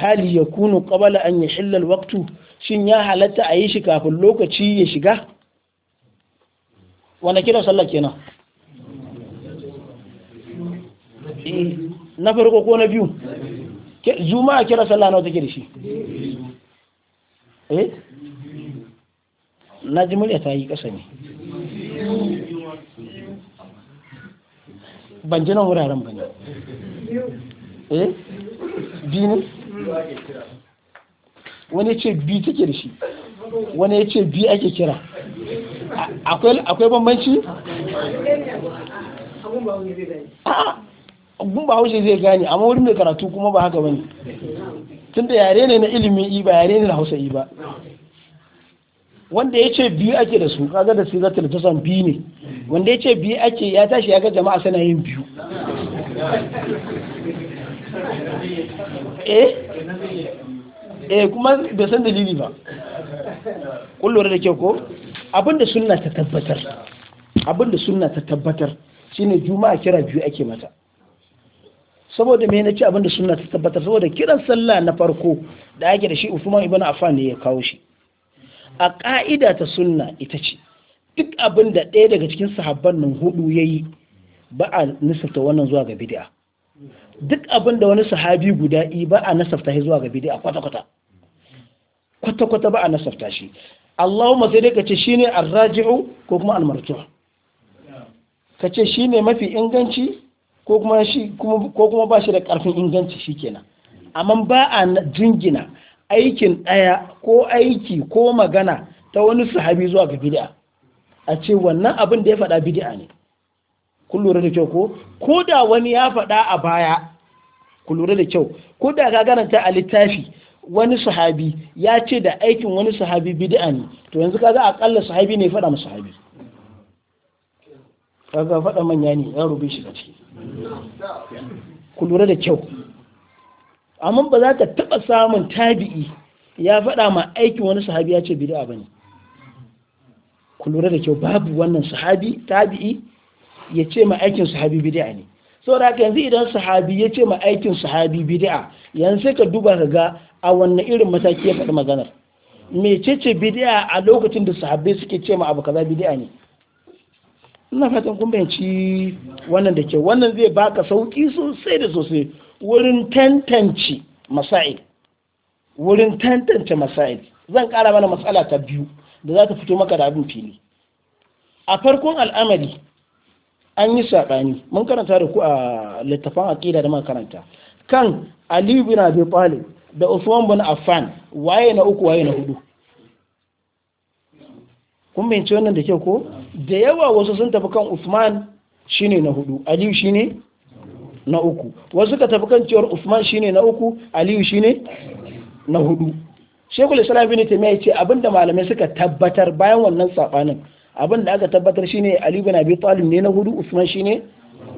hali ya kunu ƙabala an ya shillar waktu shin ya halatta a yi shi kafin lokaci ya shiga wanda kiran sallah kenan na farko ko na biyu a kiran sallah na wata da shi eh na ji murya ta yi ƙasa ne ban jinan wuraren ba ne eh biyu ne wani ya ce bi take da shi wani ya ce bi ake kira akwai bambanci? abun ba hausa zai gane amma wurin mai karatu kuma ba haka bane tun da yare ne na ilimin yi ba yare ne na hausa yi ba wanda ya ce biyu ake da su kaga da su zata ta san biyu ne wanda ya ce biyu ake ya tashi ya ga jama'a suna yin biyu eh eh kuma bai san dalili ba kullum da kyau ko abinda sunna ta tabbatar abinda sunna ta tabbatar shine juma'a kira biyu ake mata saboda me nace abinda sunna ta tabbatar saboda kiran sallah na farko da ake da shi Usman ibn Affan ne ya kawo shi a ka'ida ta sunna ita ce duk abinda ɗaya daga cikin sahabban nan hudu yayi ba a ta wannan zuwa ga bid'a duk abin da wani sahabi guda yi ba a nasafta shi zuwa ga a kwata-kwata kwata-kwata ba a nasafta shi Allahumma sai dai ka ce shine arraji'u ko kuma almarju' ka ce shine mafi inganci ko kuma ba shi da karfin inganci shikenan amma ba a jingina aikin ɗaya ko aiki ko magana ta wani sahabi zuwa ga bid'a a ce wannan abin da ya faɗa bid'a ne kun lura da kyau ko ko da wani ya faɗa a baya ku lura da kyau ko da ka garanta a littafi wani sahabi ya ce da aikin wani sahabi bid'a ne to yanzu kaga akalla sahabi ne faɗa masa sahabi kaga faɗa manya ne ya rubi shi da ciki ku lura da kyau amma ba za ka taɓa samun tabi'i ya faɗa ma aikin wani sahabi ya ce bid'a bane ku lura da kyau babu wannan sahabi tabi'i ya ce ma aikin sahabi bid'a ne saboda haka yanzu idan sahabi ya ce ma aikin sahabi bid'a yanzu sai ka duba ka ga a wanne irin mataki ya faɗi maganar mecece bid'a a lokacin da sahabbai suke ce ma abu kaza bid'a ne ina fatan kun bayanci wannan da ke wannan zai baka sauki sosai da sosai wurin tantance masail wurin tantance masail zan kara mana matsala ta biyu da za ta fito maka da abin fili a farkon al'amari an yi saɓani mun karanta da ku a littafan aƙida da makaranta karanta kan Ali bin Abi Talib da Usman bin Affan waye na uku waye na hudu kun bayyance wannan da ke ko da yawa wasu sun tafi kan Usman shine na hudu Ali shine na uku wasu ka tafi kan cewar Usman shine na uku Ali shine na hudu Shekul Islam bin Taymiyyah ya ce abinda malamai suka tabbatar bayan wannan saɓanin. abin da aka tabbatar shine Ali bin Abi Talib ne na hudu Usman shine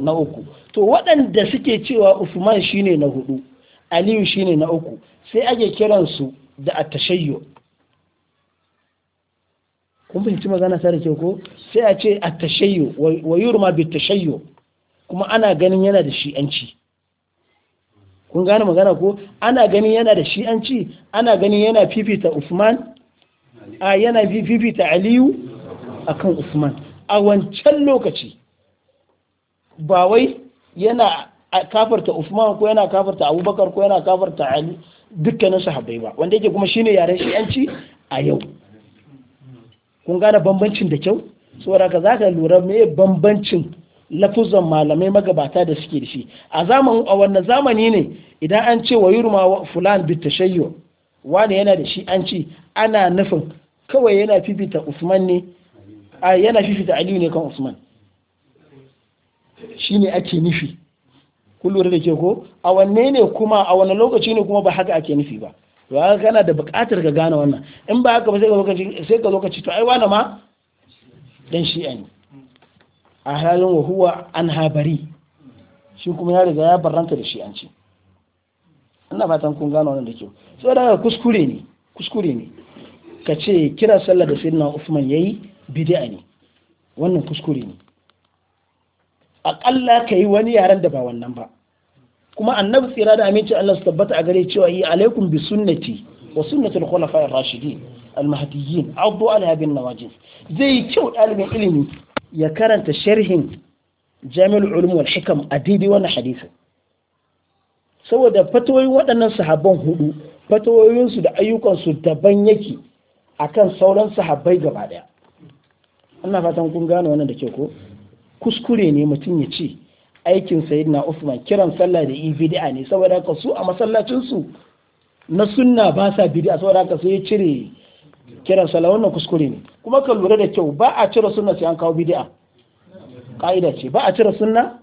na uku to waɗanda suke cewa Usman shine na hudu Aliyu shine na uku sai ake kiran su da at-tashayyu kun fahimci magana ta da ko sai a ce at-tashayyu wa yurma bi tashayyu kuma ana ganin yana da shi'anci kun gane magana ko ana ganin yana da shi'anci ana ganin yana fifita Usman a yana fifita Aliyu A kan Usman a wancan lokaci ba wai yana kafarta Usman ko yana kafarta Abubakar ko yana kafarta Ali dukkanin sahabbai ba wanda yake kuma shine yaren shi'anci a yau kun gane bambancin da kyau saboda ka zaka lura me bambancin lafuzan malamai magabata da suke da shi a zaman a wannan zamani ne idan an ce wa yurma fulan tashayyu wani yana da shi an ci ana nufin kawai yana fifita Usman ne a yana fifita aliyu ne kan usman shi ne ake nufi kun lura da ke ko a wanne ne kuma a wani lokaci ne kuma ba haka ake nufi ba to haka kana da buƙatar ka gane wannan in ba haka ba sai ka lokaci sai ka lokaci to ai wani ma dan shi an a halin wa huwa an habari shi kuma ya riga ya barranta da shi an ce ina fatan kun gane wannan da kyau sai da kuskure ne kuskure ne ka ce kira sallah da sayyidina Usman yayi bid'a ne wannan kuskure ne aƙalla kayi wani yaren da ba wannan ba kuma annabi tsira da aminci Allah su tabbata a gare cewa yi alaikum bi sunnati wa sunnatul ar rashidin al-mahdiyyin addu ala bin nawajis zai yi kyau dalibin ilimi ya karanta sharhin jami'ul ulum wal hikam a wannan hadisin saboda fatoyin waɗannan sahabban hudu fatoyoyinsu da ayyukansu daban yake akan sauran sahabbai gaba daya ina fatan kun gane wannan da ke ko kuskure ne mutum ya ce aikin sayyidina usman kiran sallah da yi bid'a ne saboda ka su a masallacin su na sunna ba sa bid'a saboda ka su ya cire kiran sallah wannan kuskure ne kuma ka lura da kyau ba a cire sunna sai an kawo bid'a ka'ida ce ba a cire sunna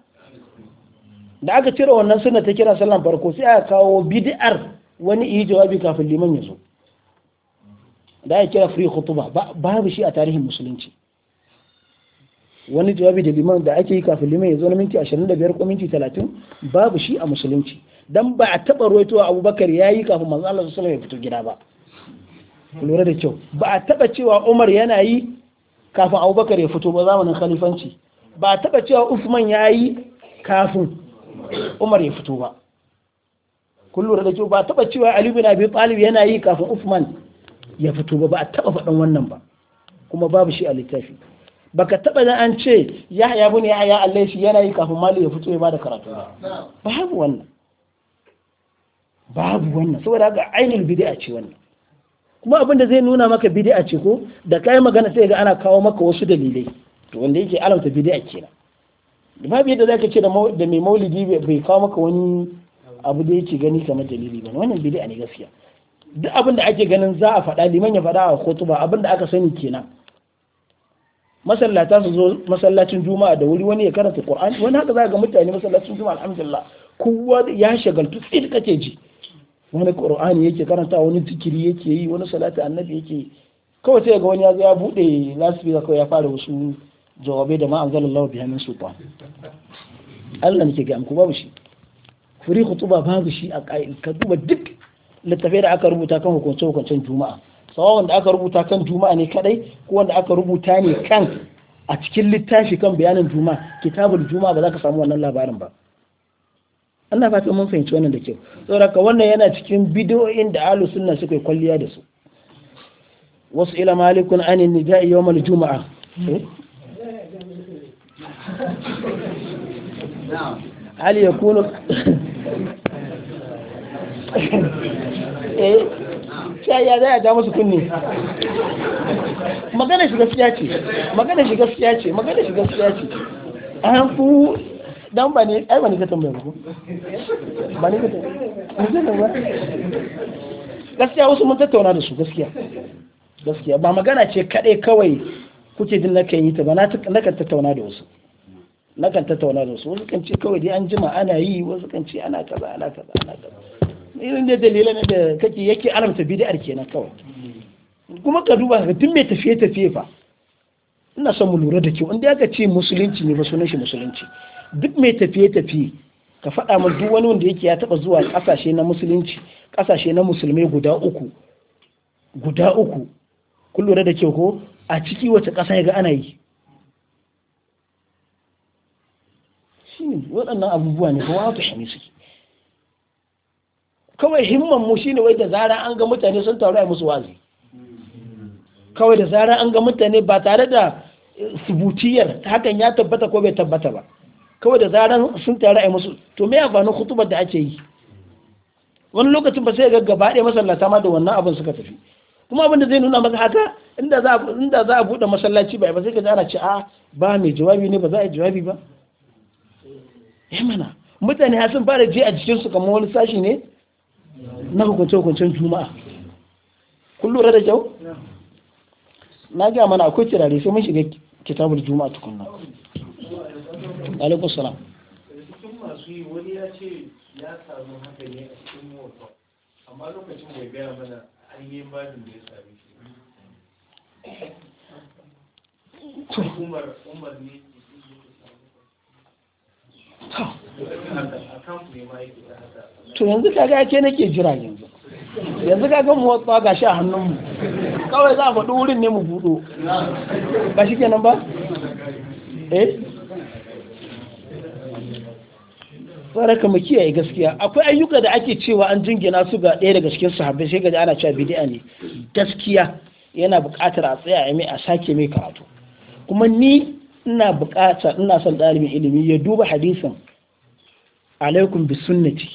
da aka cire wannan sunna ta kiran sallah farko sai aka kawo bid'ar wani yi jawabi kafin liman ya zo da ya kira free khutba babu shi a tarihin musulunci wani jawabi da liman da ake yi kafin liman ya zo na minti 25 ko minti 30 babu shi a musulunci dan ba a taba ruwaitowa abubakar ya yi kafin manzo Allah sallallahu alaihi ya fito gida ba lura da kyau ba a taba cewa Umar yana yi kafin Abubakar ya fito ba zamanin khalifanci ba a taba cewa Uthman ya yi kafin Umar ya fito ba kun lura da kyau ba a taba cewa Ali bin Abi Talib yana yi kafin Uthman ya fito ba ba a taba faɗan wannan ba kuma babu shi a littafi baka taba da an ce ya ya haya Allah shi, yana yi kafin mali ya fito ya bada karatu ba babu wannan babu wannan saboda haka ainihin bid'a ce wannan kuma abin da zai nuna maka bid'a ce ko da kai magana sai ga ana kawo maka wasu dalilai to wanda yake alamta bid'a kenan babu yadda zaka ce da mai maulidi bai kawo maka wani abu da yake gani kamar dalili ba wannan bid'a ne gaskiya duk abin da ake ganin za a faɗa liman ya faɗa a ba abin da aka sani kenan masallata su zo masallacin juma'a da wuri wani ya karanta qur'ani wani haka za ga mutane masallacin juma'a alhamdulillah kowa ya shagaltu tsit kake ji wani qur'ani yake karanta wani zikiri yake yi wani salati annabi yake kawai sai ga wani ya zo ya bude lasbi kawai ya fara wasu jawabai da ma anzalallahu biha min sultan Allah nake ga amku babu shi furi khutuba babu shi a ka duba duk littafai da aka rubuta kan hukunce hukuncen juma'a sawa wanda aka rubuta kan juma'a ne kadai ko wanda aka rubuta ne kan a cikin littafi kan bayanin juma'a kitabul juma'a ba za ka samu wannan labarin ba Allah ba ta mun fahimci wannan da kyau saboda wannan yana cikin bidiyoyin da ahlus sunna suka kwalliya da su wasu ila malikun anin nida'i yawmal juma'a eh? hal ya eh ya za a ja musu kunne magana shi gaskiya ce magana shi gaskiya ce magana shi gaskiya ce an ku don ba ne ai ba ne katon bai ku ba ne katon tambaya gaskiya wasu mun tattauna da su gaskiya gaskiya ba magana ce kaɗai kawai kuke din nakan yi ta ba na kan tattauna da wasu na kan tattauna da wasu wasu kan ce kawai dai an jima ana yi wasu kan ce ana kaza ana kaza ana kaza irin da na da kake yake alamta bid'ar kenan kawai kuma ka duba ga tun mai tafiye tafiye fa ina son mu lura da kyau inda aka ce musulunci ne ba sunan shi musulunci duk mai tafiye tafiye ka faɗa min duk wani wanda yake ya taɓa zuwa ƙasashe na musulunci ƙasashe na musulmai guda uku guda uku kun lura da kyau ko a ciki wace ƙasa ya ga ana yi shi ne waɗannan abubuwa ne ba wata shi ne suke kawai himman mu shine wai da zara an ga mutane sun taru a musu wazi kawai da zara an ga mutane ba tare da subutiyar hakan ya tabbata ko bai tabbata ba kawai da zara sun taru a musu to me amfanin khutubar da ake yi wani lokacin ba sai ga gaba ɗaya masallata ma da wannan abin suka tafi kuma abin da zai nuna masa haka inda za inda za a bude masallaci ba ba sai ka ji ana a ah, ba mai jawabi ne ba za a yi jawabi ba eh mana mutane har sun fara ji a jikin su kamar wani sashi ne na hukunce-hukuncen juma'a kun lura da kyau na gaya mana akwai turare sai mun shiga kitabar juma'a tukunna alaikun salam amma lokacin bai gaya mana an yi babin da ya sami shi to yanzu kaga ke nake jira yanzu yanzu kaga mu watsa ga shi a hannunmu kawai za a faɗi wurin ne mu buɗo ba shi kenan ba eh tsaraka mu kiyaye gaskiya akwai ayyuka da ake cewa an jingina su ga ɗaya daga cikin sahabbai sai gaji ana cewa bid'a ne gaskiya yana buƙatar a tsaya a mai a sake mai karatu kuma ni ina bukata ina son ɗalibin ilimi ya duba hadisin alaikum bi sunnati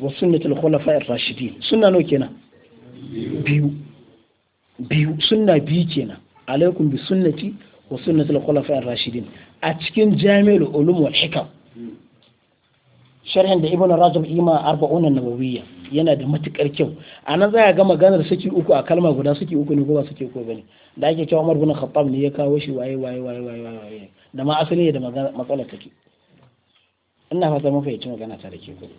wa sunnatul khulafa'ir rashidin sunna no kenan biyu biyu sunna biyu kenan alaikum bi sunnati wa sunnatul khulafa'ir rashidin a cikin jami'ul ulum wal hikam sharhin da ibn rajab ima arba'un nawawiyya yana da matukar kyau a nan za a ga maganar saki uku a kalma guda saki uku ne ko ba saki uku bane da ake cewa Umar ibn Khattab ne ya kawo shi waye waye waye waye waye da ma asali da matsalar take ina fata mun fahimci magana ta da ke gudu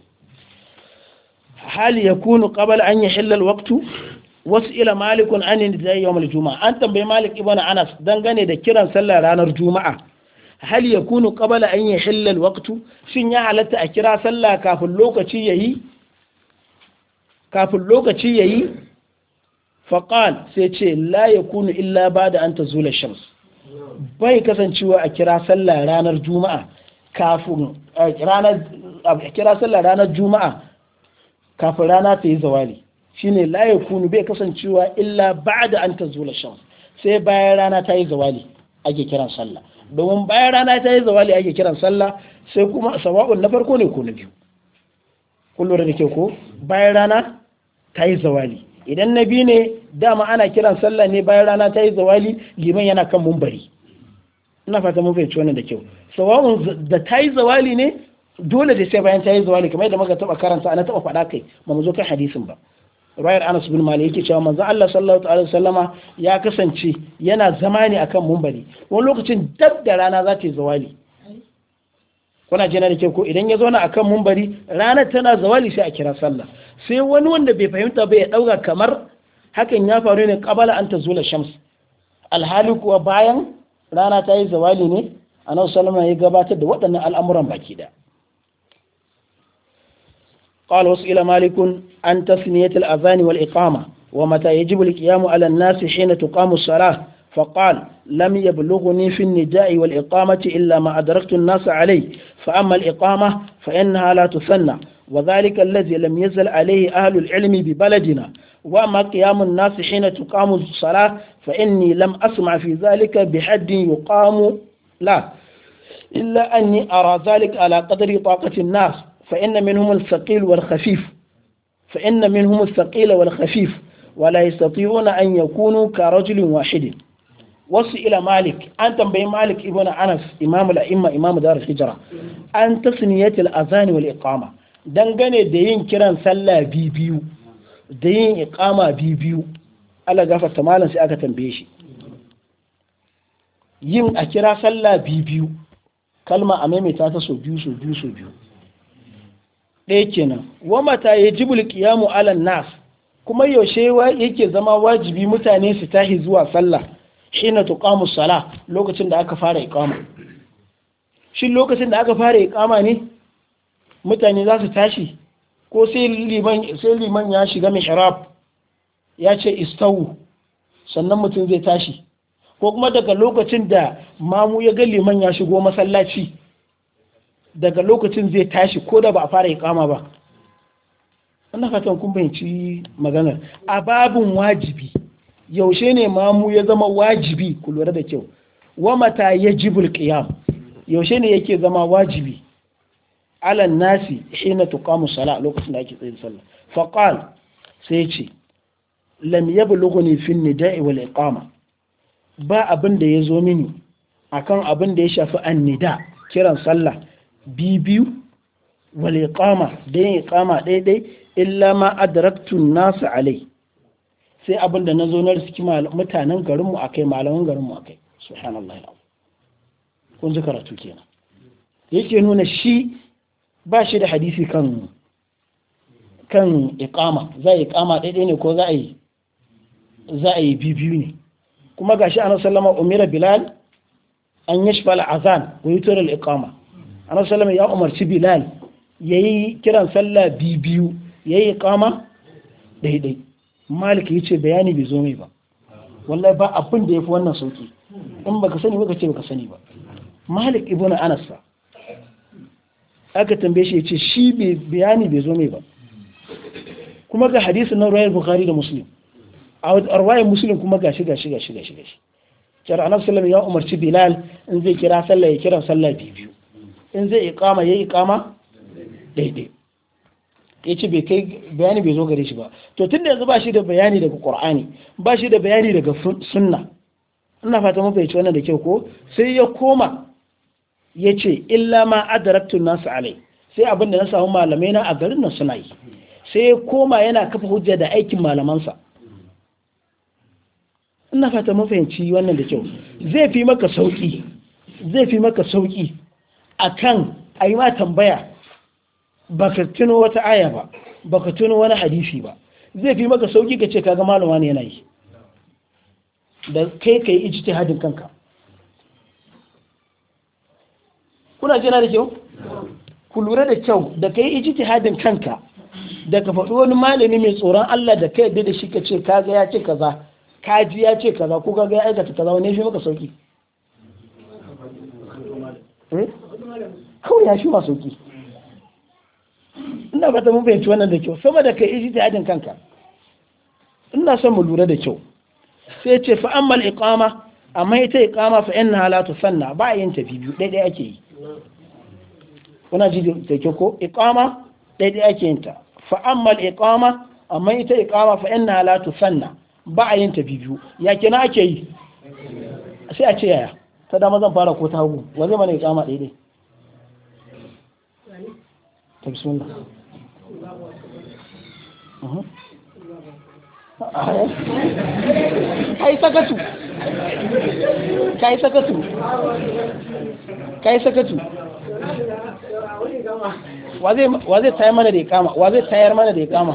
hali yakunu qabla an yahilla al-waqtu wasu ila malikun an yi yawm al-juma'a an tambayi malik ibn anas dangane da kiran sallar ranar juma'a hal yakunu qabla an yahilla alwaqtu shin ya halatta a kira sallah kafin lokaci yayi kafin lokaci yayi faqal sai ce la yakunu illa ba'da an tazula shams bai kasancewa a kira sallah ranar juma'a kafin ranar a kira sallah ranar juma'a kafin rana ta yi zawali shine la yakunu bai kasancewa illa ba'da an tazula shams sai bayan rana ta yi zawali ake kiran sallah domin bayan rana ta yi zawali ake kiran sallah sai kuma sawa'un na farko ne ko na biyu kullu da nake ko bayan rana ta yi zawali idan na biyu ne dama ana kiran sallah ne bayan rana ta yi zawali liman yana kan mumbari ina fata mun fahimci wannan da kyau sawa'un da ta yi zawali ne dole da sai bayan ta yi zawali kamar yadda muka taba karanta ana taba faɗa kai ba mu zo kai hadisin ba rayar Anas bin mali yake cewa manzo Allah sallallahu alaihi wasallama ya kasance yana zama ne akan mumbari wani lokacin dab da rana za ta yi zawali kuna ji na ke ko idan ya zauna akan mumbari rana tana zawali sai a kira sallah sai wani wanda bai fahimta bai ya dauka kamar hakan ya faru ne qabala an tazula shams alhali kuwa bayan rana ta yi zawali ne annabi sallallahu alaihi ya gabatar da waɗannan al'amuran baki da. قال وسئل مالك عن تثنية الأذان والإقامة ومتى يجب القيام على الناس حين تقام الصلاة فقال لم يبلغني في النداء والإقامة إلا ما أدركت الناس عليه فأما الإقامة فإنها لا تثنى وذلك الذي لم يزل عليه أهل العلم ببلدنا وأما قيام الناس حين تقام الصلاة فإني لم أسمع في ذلك بحد يقام لا إلا أني أرى ذلك على قدر طاقة الناس فإن منهم الثقيل والخفيف فإن منهم الثقيل والخفيف ولا يستطيعون أن يكونوا كرجل واحد wasu ila malik an tambayi malik ibn anas imamu la'imma imamu dar hijira an tasniyatil azani wal iqama dangane da yin kiran sallah biyu da yin iqama biyu Allah gafarta malam sai aka tambaye shi yin a kira sallah biyu kalma a maimaita ta so biyu so biyu ɗaya kenan wa mata ji qiyamu alan nas kuma yaushe yake zama wajibi mutane su tahi zuwa sallah na tuqamu salah lokacin da aka fara iqama shin lokacin da aka fara iqama ne mutane za su tashi ko sai liman ya shiga mihrab ya ce istawu sannan mutum zai tashi ko kuma daga lokacin da mamu ya ga liman ya shigo masallaci daga lokacin zai tashi ko da ba a fara ikama ba wannan fatan kun bayanci maganar a babin wajibi yaushe ne mamu ya zama wajibi ku lura da kyau wa mata ji qiyam yaushe ne yake zama wajibi alan nasi hina tuqamu sala lokacin da ake tsaye sallah faqal sai ce lam yablughuni fi nida'i wal iqama ba abin da ya zo mini akan abin da ya shafi annida kiran sallah bibiyu wale kama da yin kama daidai illa ma adaraktun nasu alai sai abinda na zo na riski mutanen garinmu akai malaman garinmu akai subhanallahi kun ji karatu kenan yake nuna shi ba shi da hadisi kan kan ikama za a kama daidai ne ko za a yi bibiyu ne kuma ga shi ana sallama umira bilal an yashfala azan wa yutura al annabi sallama ya umarci bilal yayi kiran sallah biyu yayi kama daidai malik yace bayani bai zo mai ba wallahi ba abin da yafi wannan sauki in baka sani baka ce baka sani ba malik ibnu anas fa aka tambaye shi yace shi bayani bai zo mai ba kuma ga hadisin nan ruwayar bukhari da muslim a ruwayar muslim kuma gashi gashi gashi gashi gashi kira annabi sallallahu ya umarci bilal in zai kira sallah ya kira sallah biyu in zai iqama ya iqama daidai ya ce bai kai bayani bai zo gare shi ba to tun da yanzu ba shi da bayani daga qur'ani ba shi da bayani daga sunna ina fata mun fahimci wannan da kyau ko sai ya koma ya ce illa ma adaraktun nasu alai sai abin da na samu malamai na a garin nan suna yi sai ya koma yana kafa hujja da aikin malamansa ina fata mun fahimci wannan da kyau zai fi maka sauki zai fi maka sauki akan a yi ma tambaya baka tuno wata aya ba baka tuno wani hadisi ba zai fi maka sauki ka ce kaga malama ne yana yi da kai kai hadin kanka kuna jina da kyau ku lura da kyau da kai hadin kanka da ka faɗi wani malami mai tsoron Allah da kai da shi ka ce kaga ya ce kaza kaji ya ce kaza ko kaga ya aikata kaza wani ya fi maka sauki eh kawai ya shi masu ki ina fata mun fahimci wannan da kyau sama da kai iji yadin kanka ina son mu lura da kyau sai ce fa ammal iqama amma ita iqama fa inna la sanna, ba yin tafi biyu dai ake yi kuna ji da kyau ko iqama dai ake yin ta fa ammal iqama amma ita iqama fa inna la sanna, ba yin tafi biyu ya ke na ake yi sai a ce yaya ta dama zan fara ko ta hagu wa mana iqama dai بسم الله kai sakatu kai sakatu kai sakatu wa tayar mana da kama wa tayar mana da kama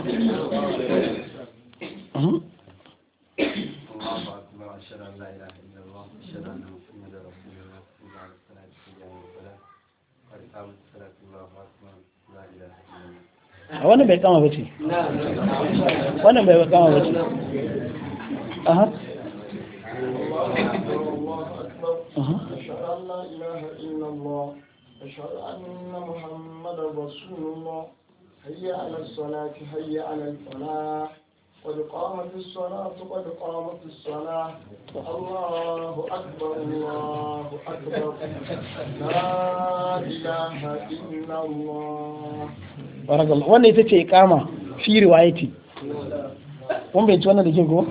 wannan bai kama bace wannan bai kama bace aha aha أشهد أن محمد رسول الله هيا على الصلاة هيا على الفلاح قد قامت الصلاة قد قامت الصلاة الله أكبر الله أكبر لا إله إلا الله wannan ita ce ikama fi riwayati kun bai ci wannan da ke go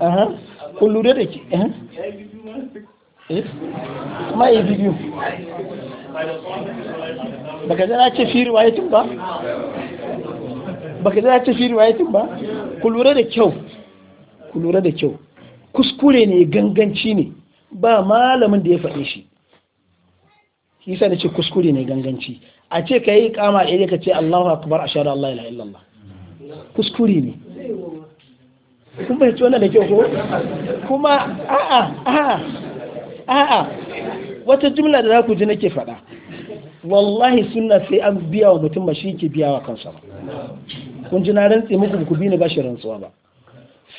aha kun lura da ke eh kuma yi biyu baka zana ce fi riwayatin ba baka zana ce fi riwayatin ba kun lura da kyau kun lura da kyau kuskure ne ganganci ne ba malamin da ya faɗe shi yi sa da ce kuskure ne ganganci a ce ka yi kama ɗaya ka ce Allahu akbar ashhadu an la ilaha illallah kuskuri ne kun fahimci wannan da kyau ko kuma a'a a'a a'a wata jumla da za ku ji nake faɗa wallahi sunna sai an biya wa mutum ba shi ke biya wa kansa ba kun ji na rantse muku ku bi ni ba shi rantsuwa ba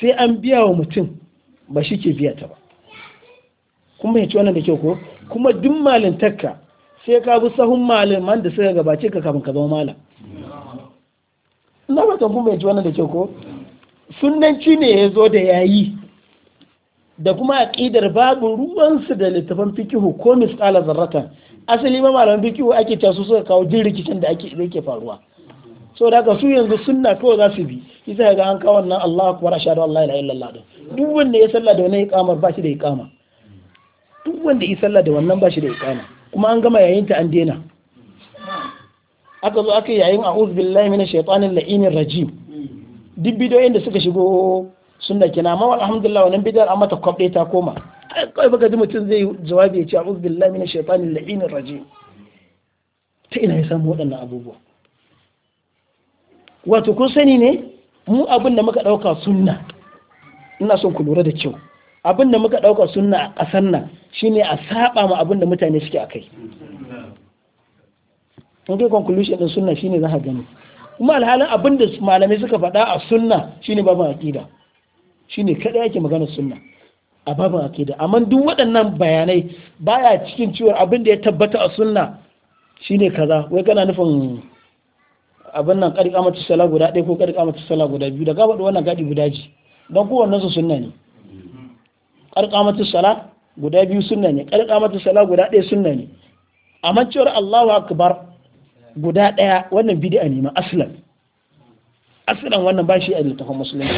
sai an biya wa mutum ba shi ke biya ta ba kuma ya ci wannan da kyau ko kuma duk malintakka sai ka bi sahun man da suka gabace ka kafin ka zama malam Na ba kuma yaji wannan da ke ko sunanci ne ya zo da yayi da kuma a ƙidar babu ruwansu da littafan fikihu ko misqala zarratan asali ma malaman fikihu ake ta su suka kawo jin rikicin da ake yake faruwa so da haka su yanzu sunna kawai za su bi isa ga an kawo wannan Allah akbar ashhadu an la ilaha illallah duk wanda ya sallah da wannan iqamar ba shi da iqama duk wanda ya sallah da wannan ba shi da iqama kuma an gama yayin ta an daina aka zo aka yayin a'udhu billahi mina shaitanin la'inin rajim duk bidiyoyin da suka shigo sunna kina amma alhamdulillah wannan bidiyar an mata kwabde ta koma kai baka ji mutum zai jawabi ya ce a'udhu billahi mina shaitanin la'inin rajim ta ina ya samu waɗannan abubuwa wato kun sani ne mu abin da muka ɗauka sunna ina son ku lura da kyau abin da muka ɗauka sunna a ƙasar nan shi ne a saba ma abin da mutane suke a kai in kai conclusion din sunna ne za ka gani kuma alhalin abin da malamai suka faɗa a sunna shine babin Shi ne kaɗai ake magana sunna a babin aƙida amma duk waɗannan bayanai baya cikin ciwon abin da ya tabbata a sunna ne kaza wai kana nufin abin nan ƙarƙamatu sala guda ɗaya ko ƙarƙamatu sala guda biyu da gaba da wannan gadi guda ji don kowanne su sunna ne karkamatu sala guda biyu sunna ne karkamatu sala guda ɗaya sunna ne amma cewar Allahu akbar guda ɗaya wannan bid'a ne ma aslan aslan wannan ba shi a littafin musulunci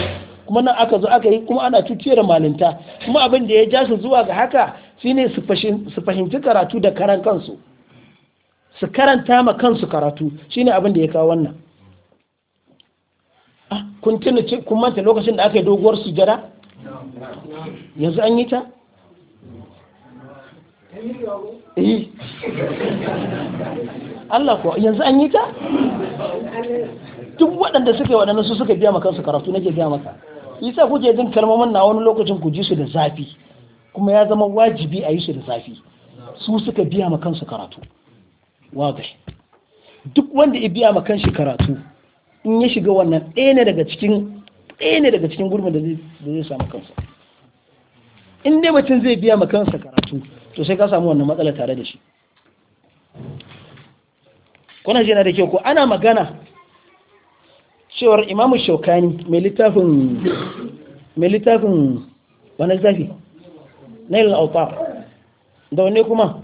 kuma nan aka zo aka yi kuma ana tuciyar malinta kuma abin da ya ja su zuwa ga haka shine su fahimci karatu da karan kansu su karanta ma kansu karatu shine abin da ya kawo wannan ah, kun tuna kun manta lokacin da aka yi doguwar sujada yanzu an yi ta eh. Allah ko yanzu an yi ta duk waɗanda suka yi waɗanda su suka biya maka su karatu nake biya maka isa kuke jin kalmomin na wani lokacin ku ji su da zafi kuma ya zama wajibi a yi su da zafi su suka biya ma kansu karatu wagai duk wanda ya biya ma kanshi karatu in ya shiga wannan ɗaya ne daga cikin ɗaya ne daga cikin gurbin da zai samu kansa in dai mutum zai biya ma kansa karatu to sai ka samu wannan matsala tare da shi kuna ji na da kyau ko ana magana cewar imamu shaukani mai littafin mai littafin wani zafi na yin autar da wanne kuma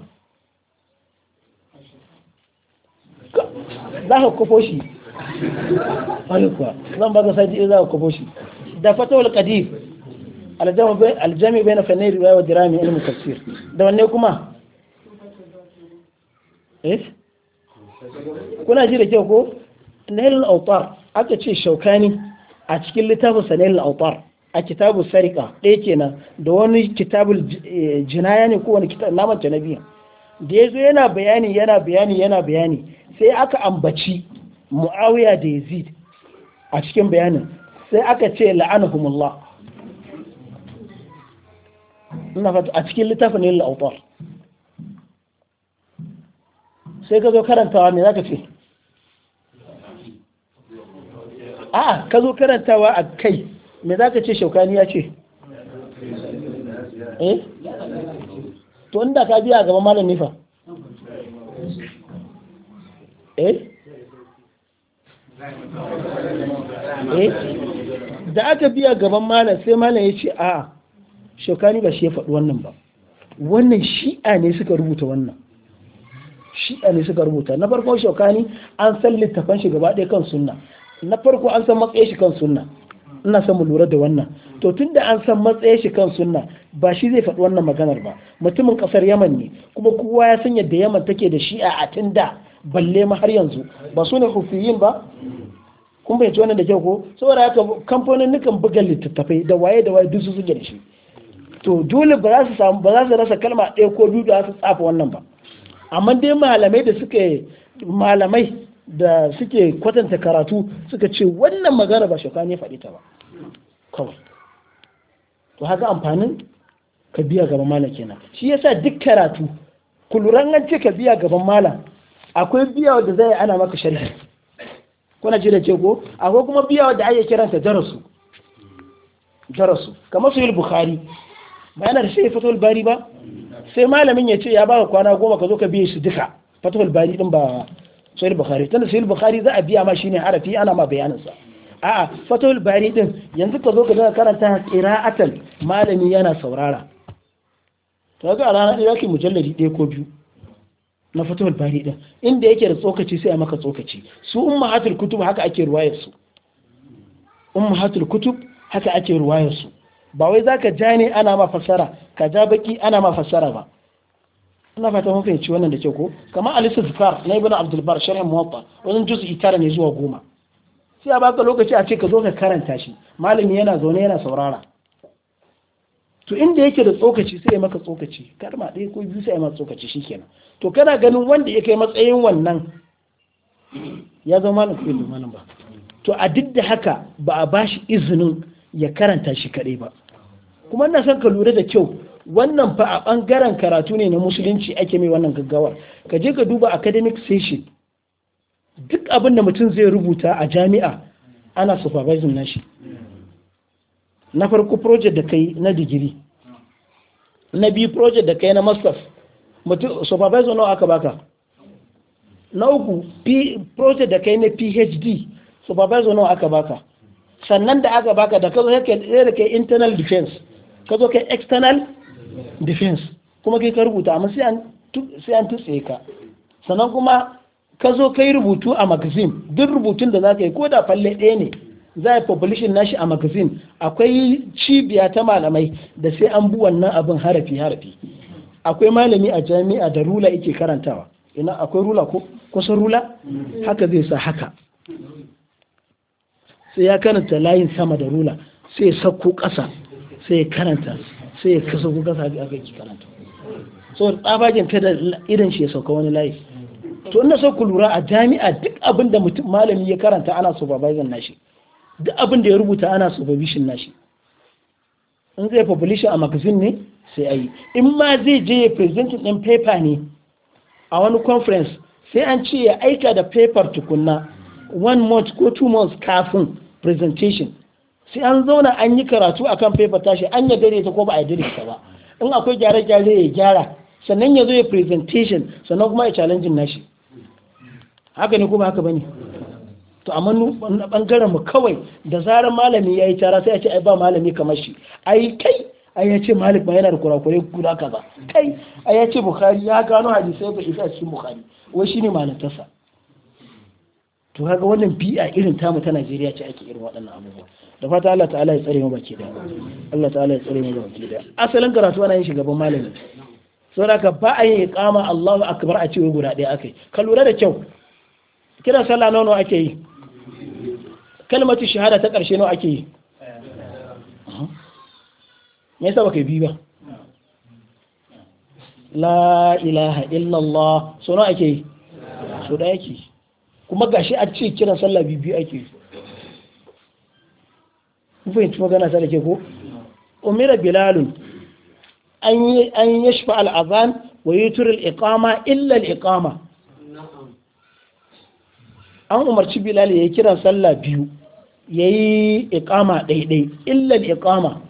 za ka kufo shi wani kuwa zan baka sati ɗaya za ka kwafo shi da fatawar qadir aljami bai na fannin riwaya wa dirami ilmin tafsir da wanne kuma eh kuna ji da kyau ko nailul autar aka ce shaukani a cikin littafin sa nailul autar a kitabu sarika ɗaya kenan da wani kitabul eh, jinaya ne ko wani kitab naman ta da ya zo yana bayani yana bayani yana bayani sai aka ambaci mu'awiya da yazid a cikin bayanin sai aka ce la'anahumullah ina fata a cikin littafin yin la'autar sai ka zo karantawa me za ka ce a ka zo karantawa a kai me za ka ce shaukani ya ce eh to inda ka biya a malam nifa eh Eh, da aka biya gaban malam sai malam ya ce a shekani ba shi ya faɗi wannan ba wannan shi'a ne suka rubuta wannan shi'a ne suka rubuta na farko shekani an san littafan shi gaba ɗaya kan sunna na farko an san matsayin shi kan sunna ina son mu lura da wannan to tun da an san matsayin shi kan sunna ba shi zai faɗi wannan maganar ba mutumin ƙasar yaman ne kuma kowa ya san yadda yaman take da shi'a a tun da balle ma har yanzu ba su ne hufiyin ba kun bai ci wannan da kyau ko saboda haka kamfanin nukan buga littattafai da waye da waye duk su suke da shi to dole ba za su samu ba za su rasa kalma ɗaya ko biyu da su tsafa wannan ba amma dai malamai da suke malamai da suke kwatanta karatu suka ce wannan magana ba shakani ya faɗi ta ba kawai to haka amfanin ka biya gaban malam kenan shi yasa duk karatu kuluran an ce ka biya gaban malam akwai biya wadda zai ana maka sharhi kuna ji da ce ko akwai kuma biya wadda ake kiransa darasu darasu kamar su bukhari ba yana da sai fatul bari ba sai malamin ya ce ya baka kwana goma ka zo ka biye su duka fatul bari din ba sahih bukhari tunda sahih bukhari za a biya ma shine harafi ana ma bayanin sa a'a fatul bari din yanzu ka zo ka daga karanta qira'atan malami yana saurara to ga rana da yake mujalladi ɗaya ko biyu na fatawar bari ɗin inda yake da tsokaci sai a maka tsokaci su ummahatul kutub haka ake ruwayar su ummahatul kutub haka ake ruwayar su ba wai zaka ja ne ana ma fassara ka ja baki ana ma fassara ba ina fata mun fahimci wannan da ke ko kamar al-istighfar na ibnu abdul bar sharh muwatta wannan juz'i tara ne zuwa goma sai a baka lokaci a ce ka zo ka karanta shi malami yana zaune yana saurara to inda yake da tsokaci sai ya maka tsokaci karma ɗaya ko biyu sai ya maka tsokaci shikenan to kana ganin wanda ya kai matsayin wannan ya zama malam ko malam ba to a duk da haka ba a ba shi izinin ya karanta shi kaɗai ba kuma ina son ka lura da kyau wannan fa a ɓangaren karatu ne na musulunci ake mai wannan gaggawar ka je ka duba academic session duk abin da mutum zai rubuta a jami'a ana supervising nashi na farko project da kai na digiri na biyu project da kai na masters mutum supervisor nawa aka baka na uku project da kai na phd supervisor nawa aka baka sannan da aka baka da kazo kai da kai internal defense kazo kai external defense kuma kai ka rubuta amma sai an sai an tutse ka sannan kuma ka zo kai rubutu a magazine duk rubutun da za ka yi ko da falle ɗaya ne za a publishin nashi a magazin akwai cibiya ta malamai da sai an bi wannan abin harafi harafi akwai malami a jami'a da rula yake karantawa ina akwai rula ko kusan rula haka zai sa haka sai ya karanta layin sama da rula sai ya sauko ƙasa sai ya karanta sai ya kasa ƙasa kasa aka kai karanta so tsabagen kada idan shi ya sauka wani layi to ina so ku lura a jami'a duk abin da mutum malami ya karanta ana supervisor nashi duk abin da ya rubuta ana supervision nashi in zai publishin a magazine ne sai a in ma zai je ya presenting ɗin paper ne a wani conference sai an ce ya aika da paper tukunna one month ko two months kafin presentation sai an zauna an yi karatu akan paper tashi an ya dare ta ko ba a dare ta ba in akwai gyare-gyare ya gyara sannan ya zo ya presentation sannan kuma ya challenge nashi haka ne kuma haka bane to amma na bangaren mu kawai da zarar malami ya yi tara sai a ce ai ba malami kamar shi ai kai ai ya ce malik ba yana da kurakurai guda kaza kai ai ya ce bukhari ya gano hadisai ba isa cikin bukhari wai shine malantarsa to kaga wannan bi'a irin tamu ta Najeriya ce ake irin waɗannan abubuwa da fata Allah ta'ala ya tsare mu baki da Allah ta'ala ya tsare mu baki da asalin karatu ana yin shi gaban malami saboda ba a yi kama Allahu akbar a cewa guda ɗaya akai ka lura da kyau kira sallah nono ake yi kalmatu shahada ta ƙarshe nawa ake yi me yasa baka bi ba la ilaha illallah so nawa ake yi so da ake kuma gashi a ce kiran sallah biyu ake yi ku fahimci magana ta da ke ko umira bilalun an yashfa al-azan wa yutur al-iqama illa al-iqama an umarci bilal ya yi kiran sallah biyu ya yi iƙama ɗaiɗai illar iƙama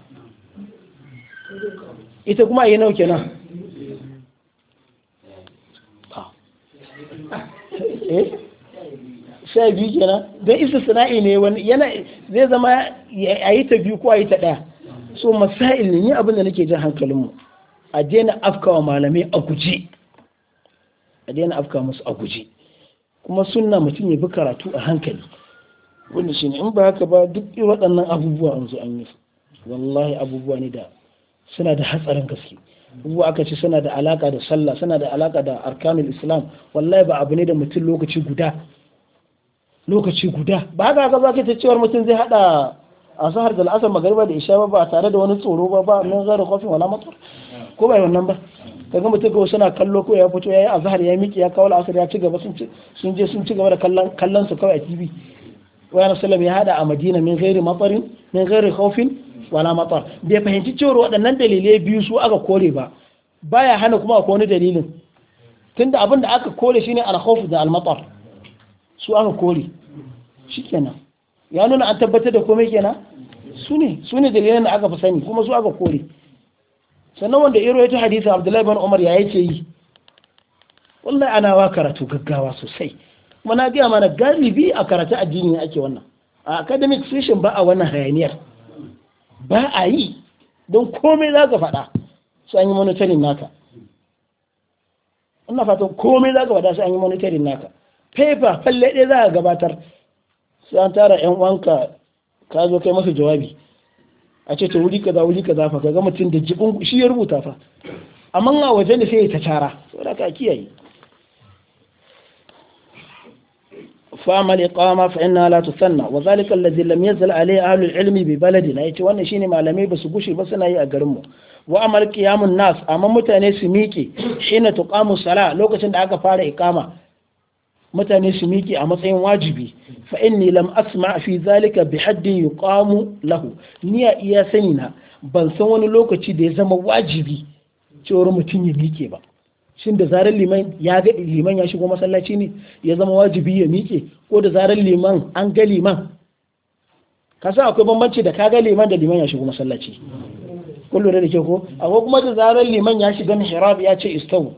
ita kuma yi nauke nan eh? sha biyu kenan don isa sana'i ne wani yana zai zama a yi ta biyu ko a yi ta ɗaya so masail ne abin da nake jan hankalinmu a daina afkawa malamai a guji a daina afkawa musu a guji kuma sunna mutum ya bi karatu a hankali wanda ne in ba haka ba duk waɗannan abubuwa an zo an yi wallahi abubuwa ne da suna da hatsarin gaske abubuwa aka ce suna da alaka da sallah suna da alaka da arkanul islam wallahi ba abu ne da mutum lokaci guda lokaci guda ba haka haka ba ta cewar mutum zai hada a sahar da al'asar magariba da isha ba ba tare da wani tsoro ba ba min zara kofin wala matsar ko bai wannan ba kaga mutum kawai suna kallo ko ya fito ya yi azhar ya miƙe ya kawo asar ya ci gaba sun je sun ci gaba da kallon su kawai a tv wa sallam ya hada a madina min ghairi matsarin min ghairi khawfin wala matsar bai fahimci cewa waɗannan dalilai biyu su aka kore ba baya hana kuma akwai wani dalilin tunda abin da aka kore shine al-khawf da al-matar su aka kore shikenan ya nuna an tabbatar da komai kenan su ne su ne dalilan da aka fi sani kuma su aka kore sannan wanda iro ya ta hadisa abdullahi bin umar ya yake yi wallahi ana wa karatu gaggawa sosai kuma na gaya mana galibi a karatu addini ake wannan a academic session ba a wannan hayaniyar ba a yi don komai za ka faɗa sai an yi monitoring naka ina fatan komai za ka faɗa sai an yi monitoring naka paper falle ɗaya za ka gabatar sai an tara yan wanka ka zo kai masa jawabi a ce ta wuri kaza wuri kaza fa kaga mutum da jibin shi ya rubuta fa amma a waje ne sai ya ta tara saboda ka kiyaye فأما الإقامة فإنها لا تثنى وذلك الذي لم يزل عليه أهل baladi ببلدنا yace wannan shine malamai ba su gushi ba suna yi a garin mu wa amal qiyamun nas amma mutane su miƙe shine tuqamu sala lokacin da aka fara iqama mutane su miƙe a matsayin wajibi fa inni lam asma fi zalika bi haddi yuqamu lahu ni ya iya sani na ban san wani lokaci da ya zama wajibi cewar mutum ya miƙe ba shin da zarar liman ya ga liman ya shigo masallaci ne ya zama wajibi ya miƙe ko da zarar liman an ga liman ka san akwai bambanci da ka ga liman da liman ya shigo masallaci kullu da ke ko akwai kuma da zarar liman ya shiga mihrab ya ce istau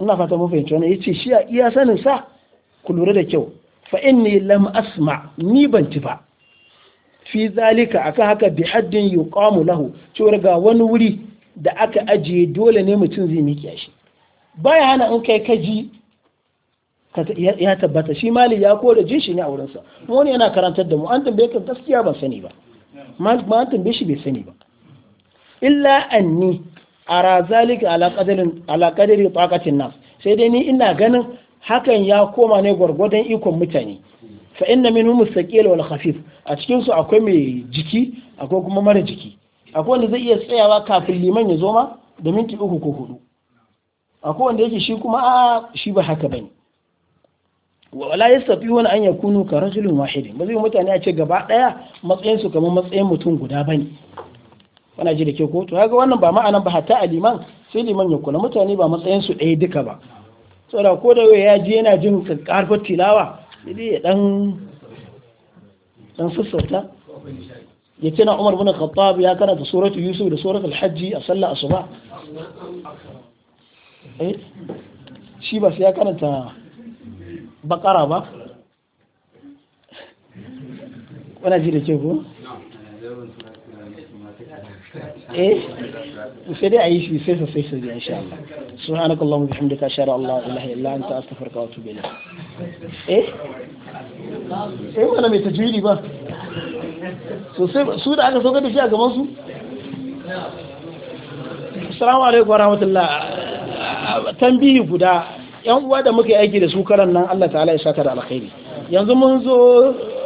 ina fata mu fahimci wannan yace shi a iya sanin sa ku lura da kyau fa inni lam asma ni ban ci ba fi zalika akan haka bi haddin yuqamu lahu cewar ga wani wuri da aka ajiye dole ne mutum zai miki shi baya hana in kai kaji ya tabbata shi mali ya kore jin shi ne a wurinsa wani yana karantar da mu an tambaye ka gaskiya ban sani ba ma an tambaye shi bai sani ba illa anni ara zalika ala kadiri taqatin nas sai dai ni ina ganin hakan ya koma ne gwargwadon ikon mutane fa inna minhum mustaqil wal khafif a cikin su akwai mai jiki akwai kuma mara jiki akwai wanda zai iya tsayawa kafin liman ya zo ma da minti uku ko hudu akwai wanda yake shi kuma a shi ba haka bane wala yastafihuna an yakunu ka rajulin wahidin ba zai mutane a ce gaba daya matsayin su kamar matsayin mutum guda bane wana ji da ke ko to kaga wannan ba ma'anan ba hatta aliman sai liman ya kula mutane ba matsayin su ɗaya duka ba saboda ko da ya ji yana jin karfar tilawa sai ya dan dan sassauta ya ce na Umar bin Khattab ya karanta suratu Yusuf da suratul Hajji a sallah asuba eh shi ba sai ya karanta bakara ba wana ji da ke ko eh sai dai a yi shi sai su sai insha Allah subhanaka allahumma bihamdika ashhadu an la ilaha illa anta astaghfiruka wa atubu ilayk eh eh wala mai tajwidi ba sosai su da aka saukar da shi a gaban su assalamu alaikum wa rahmatullah tambihi guda yan uwa da muka yi aiki da su karan nan Allah ta'ala ya saka da alkhairi yanzu mun zo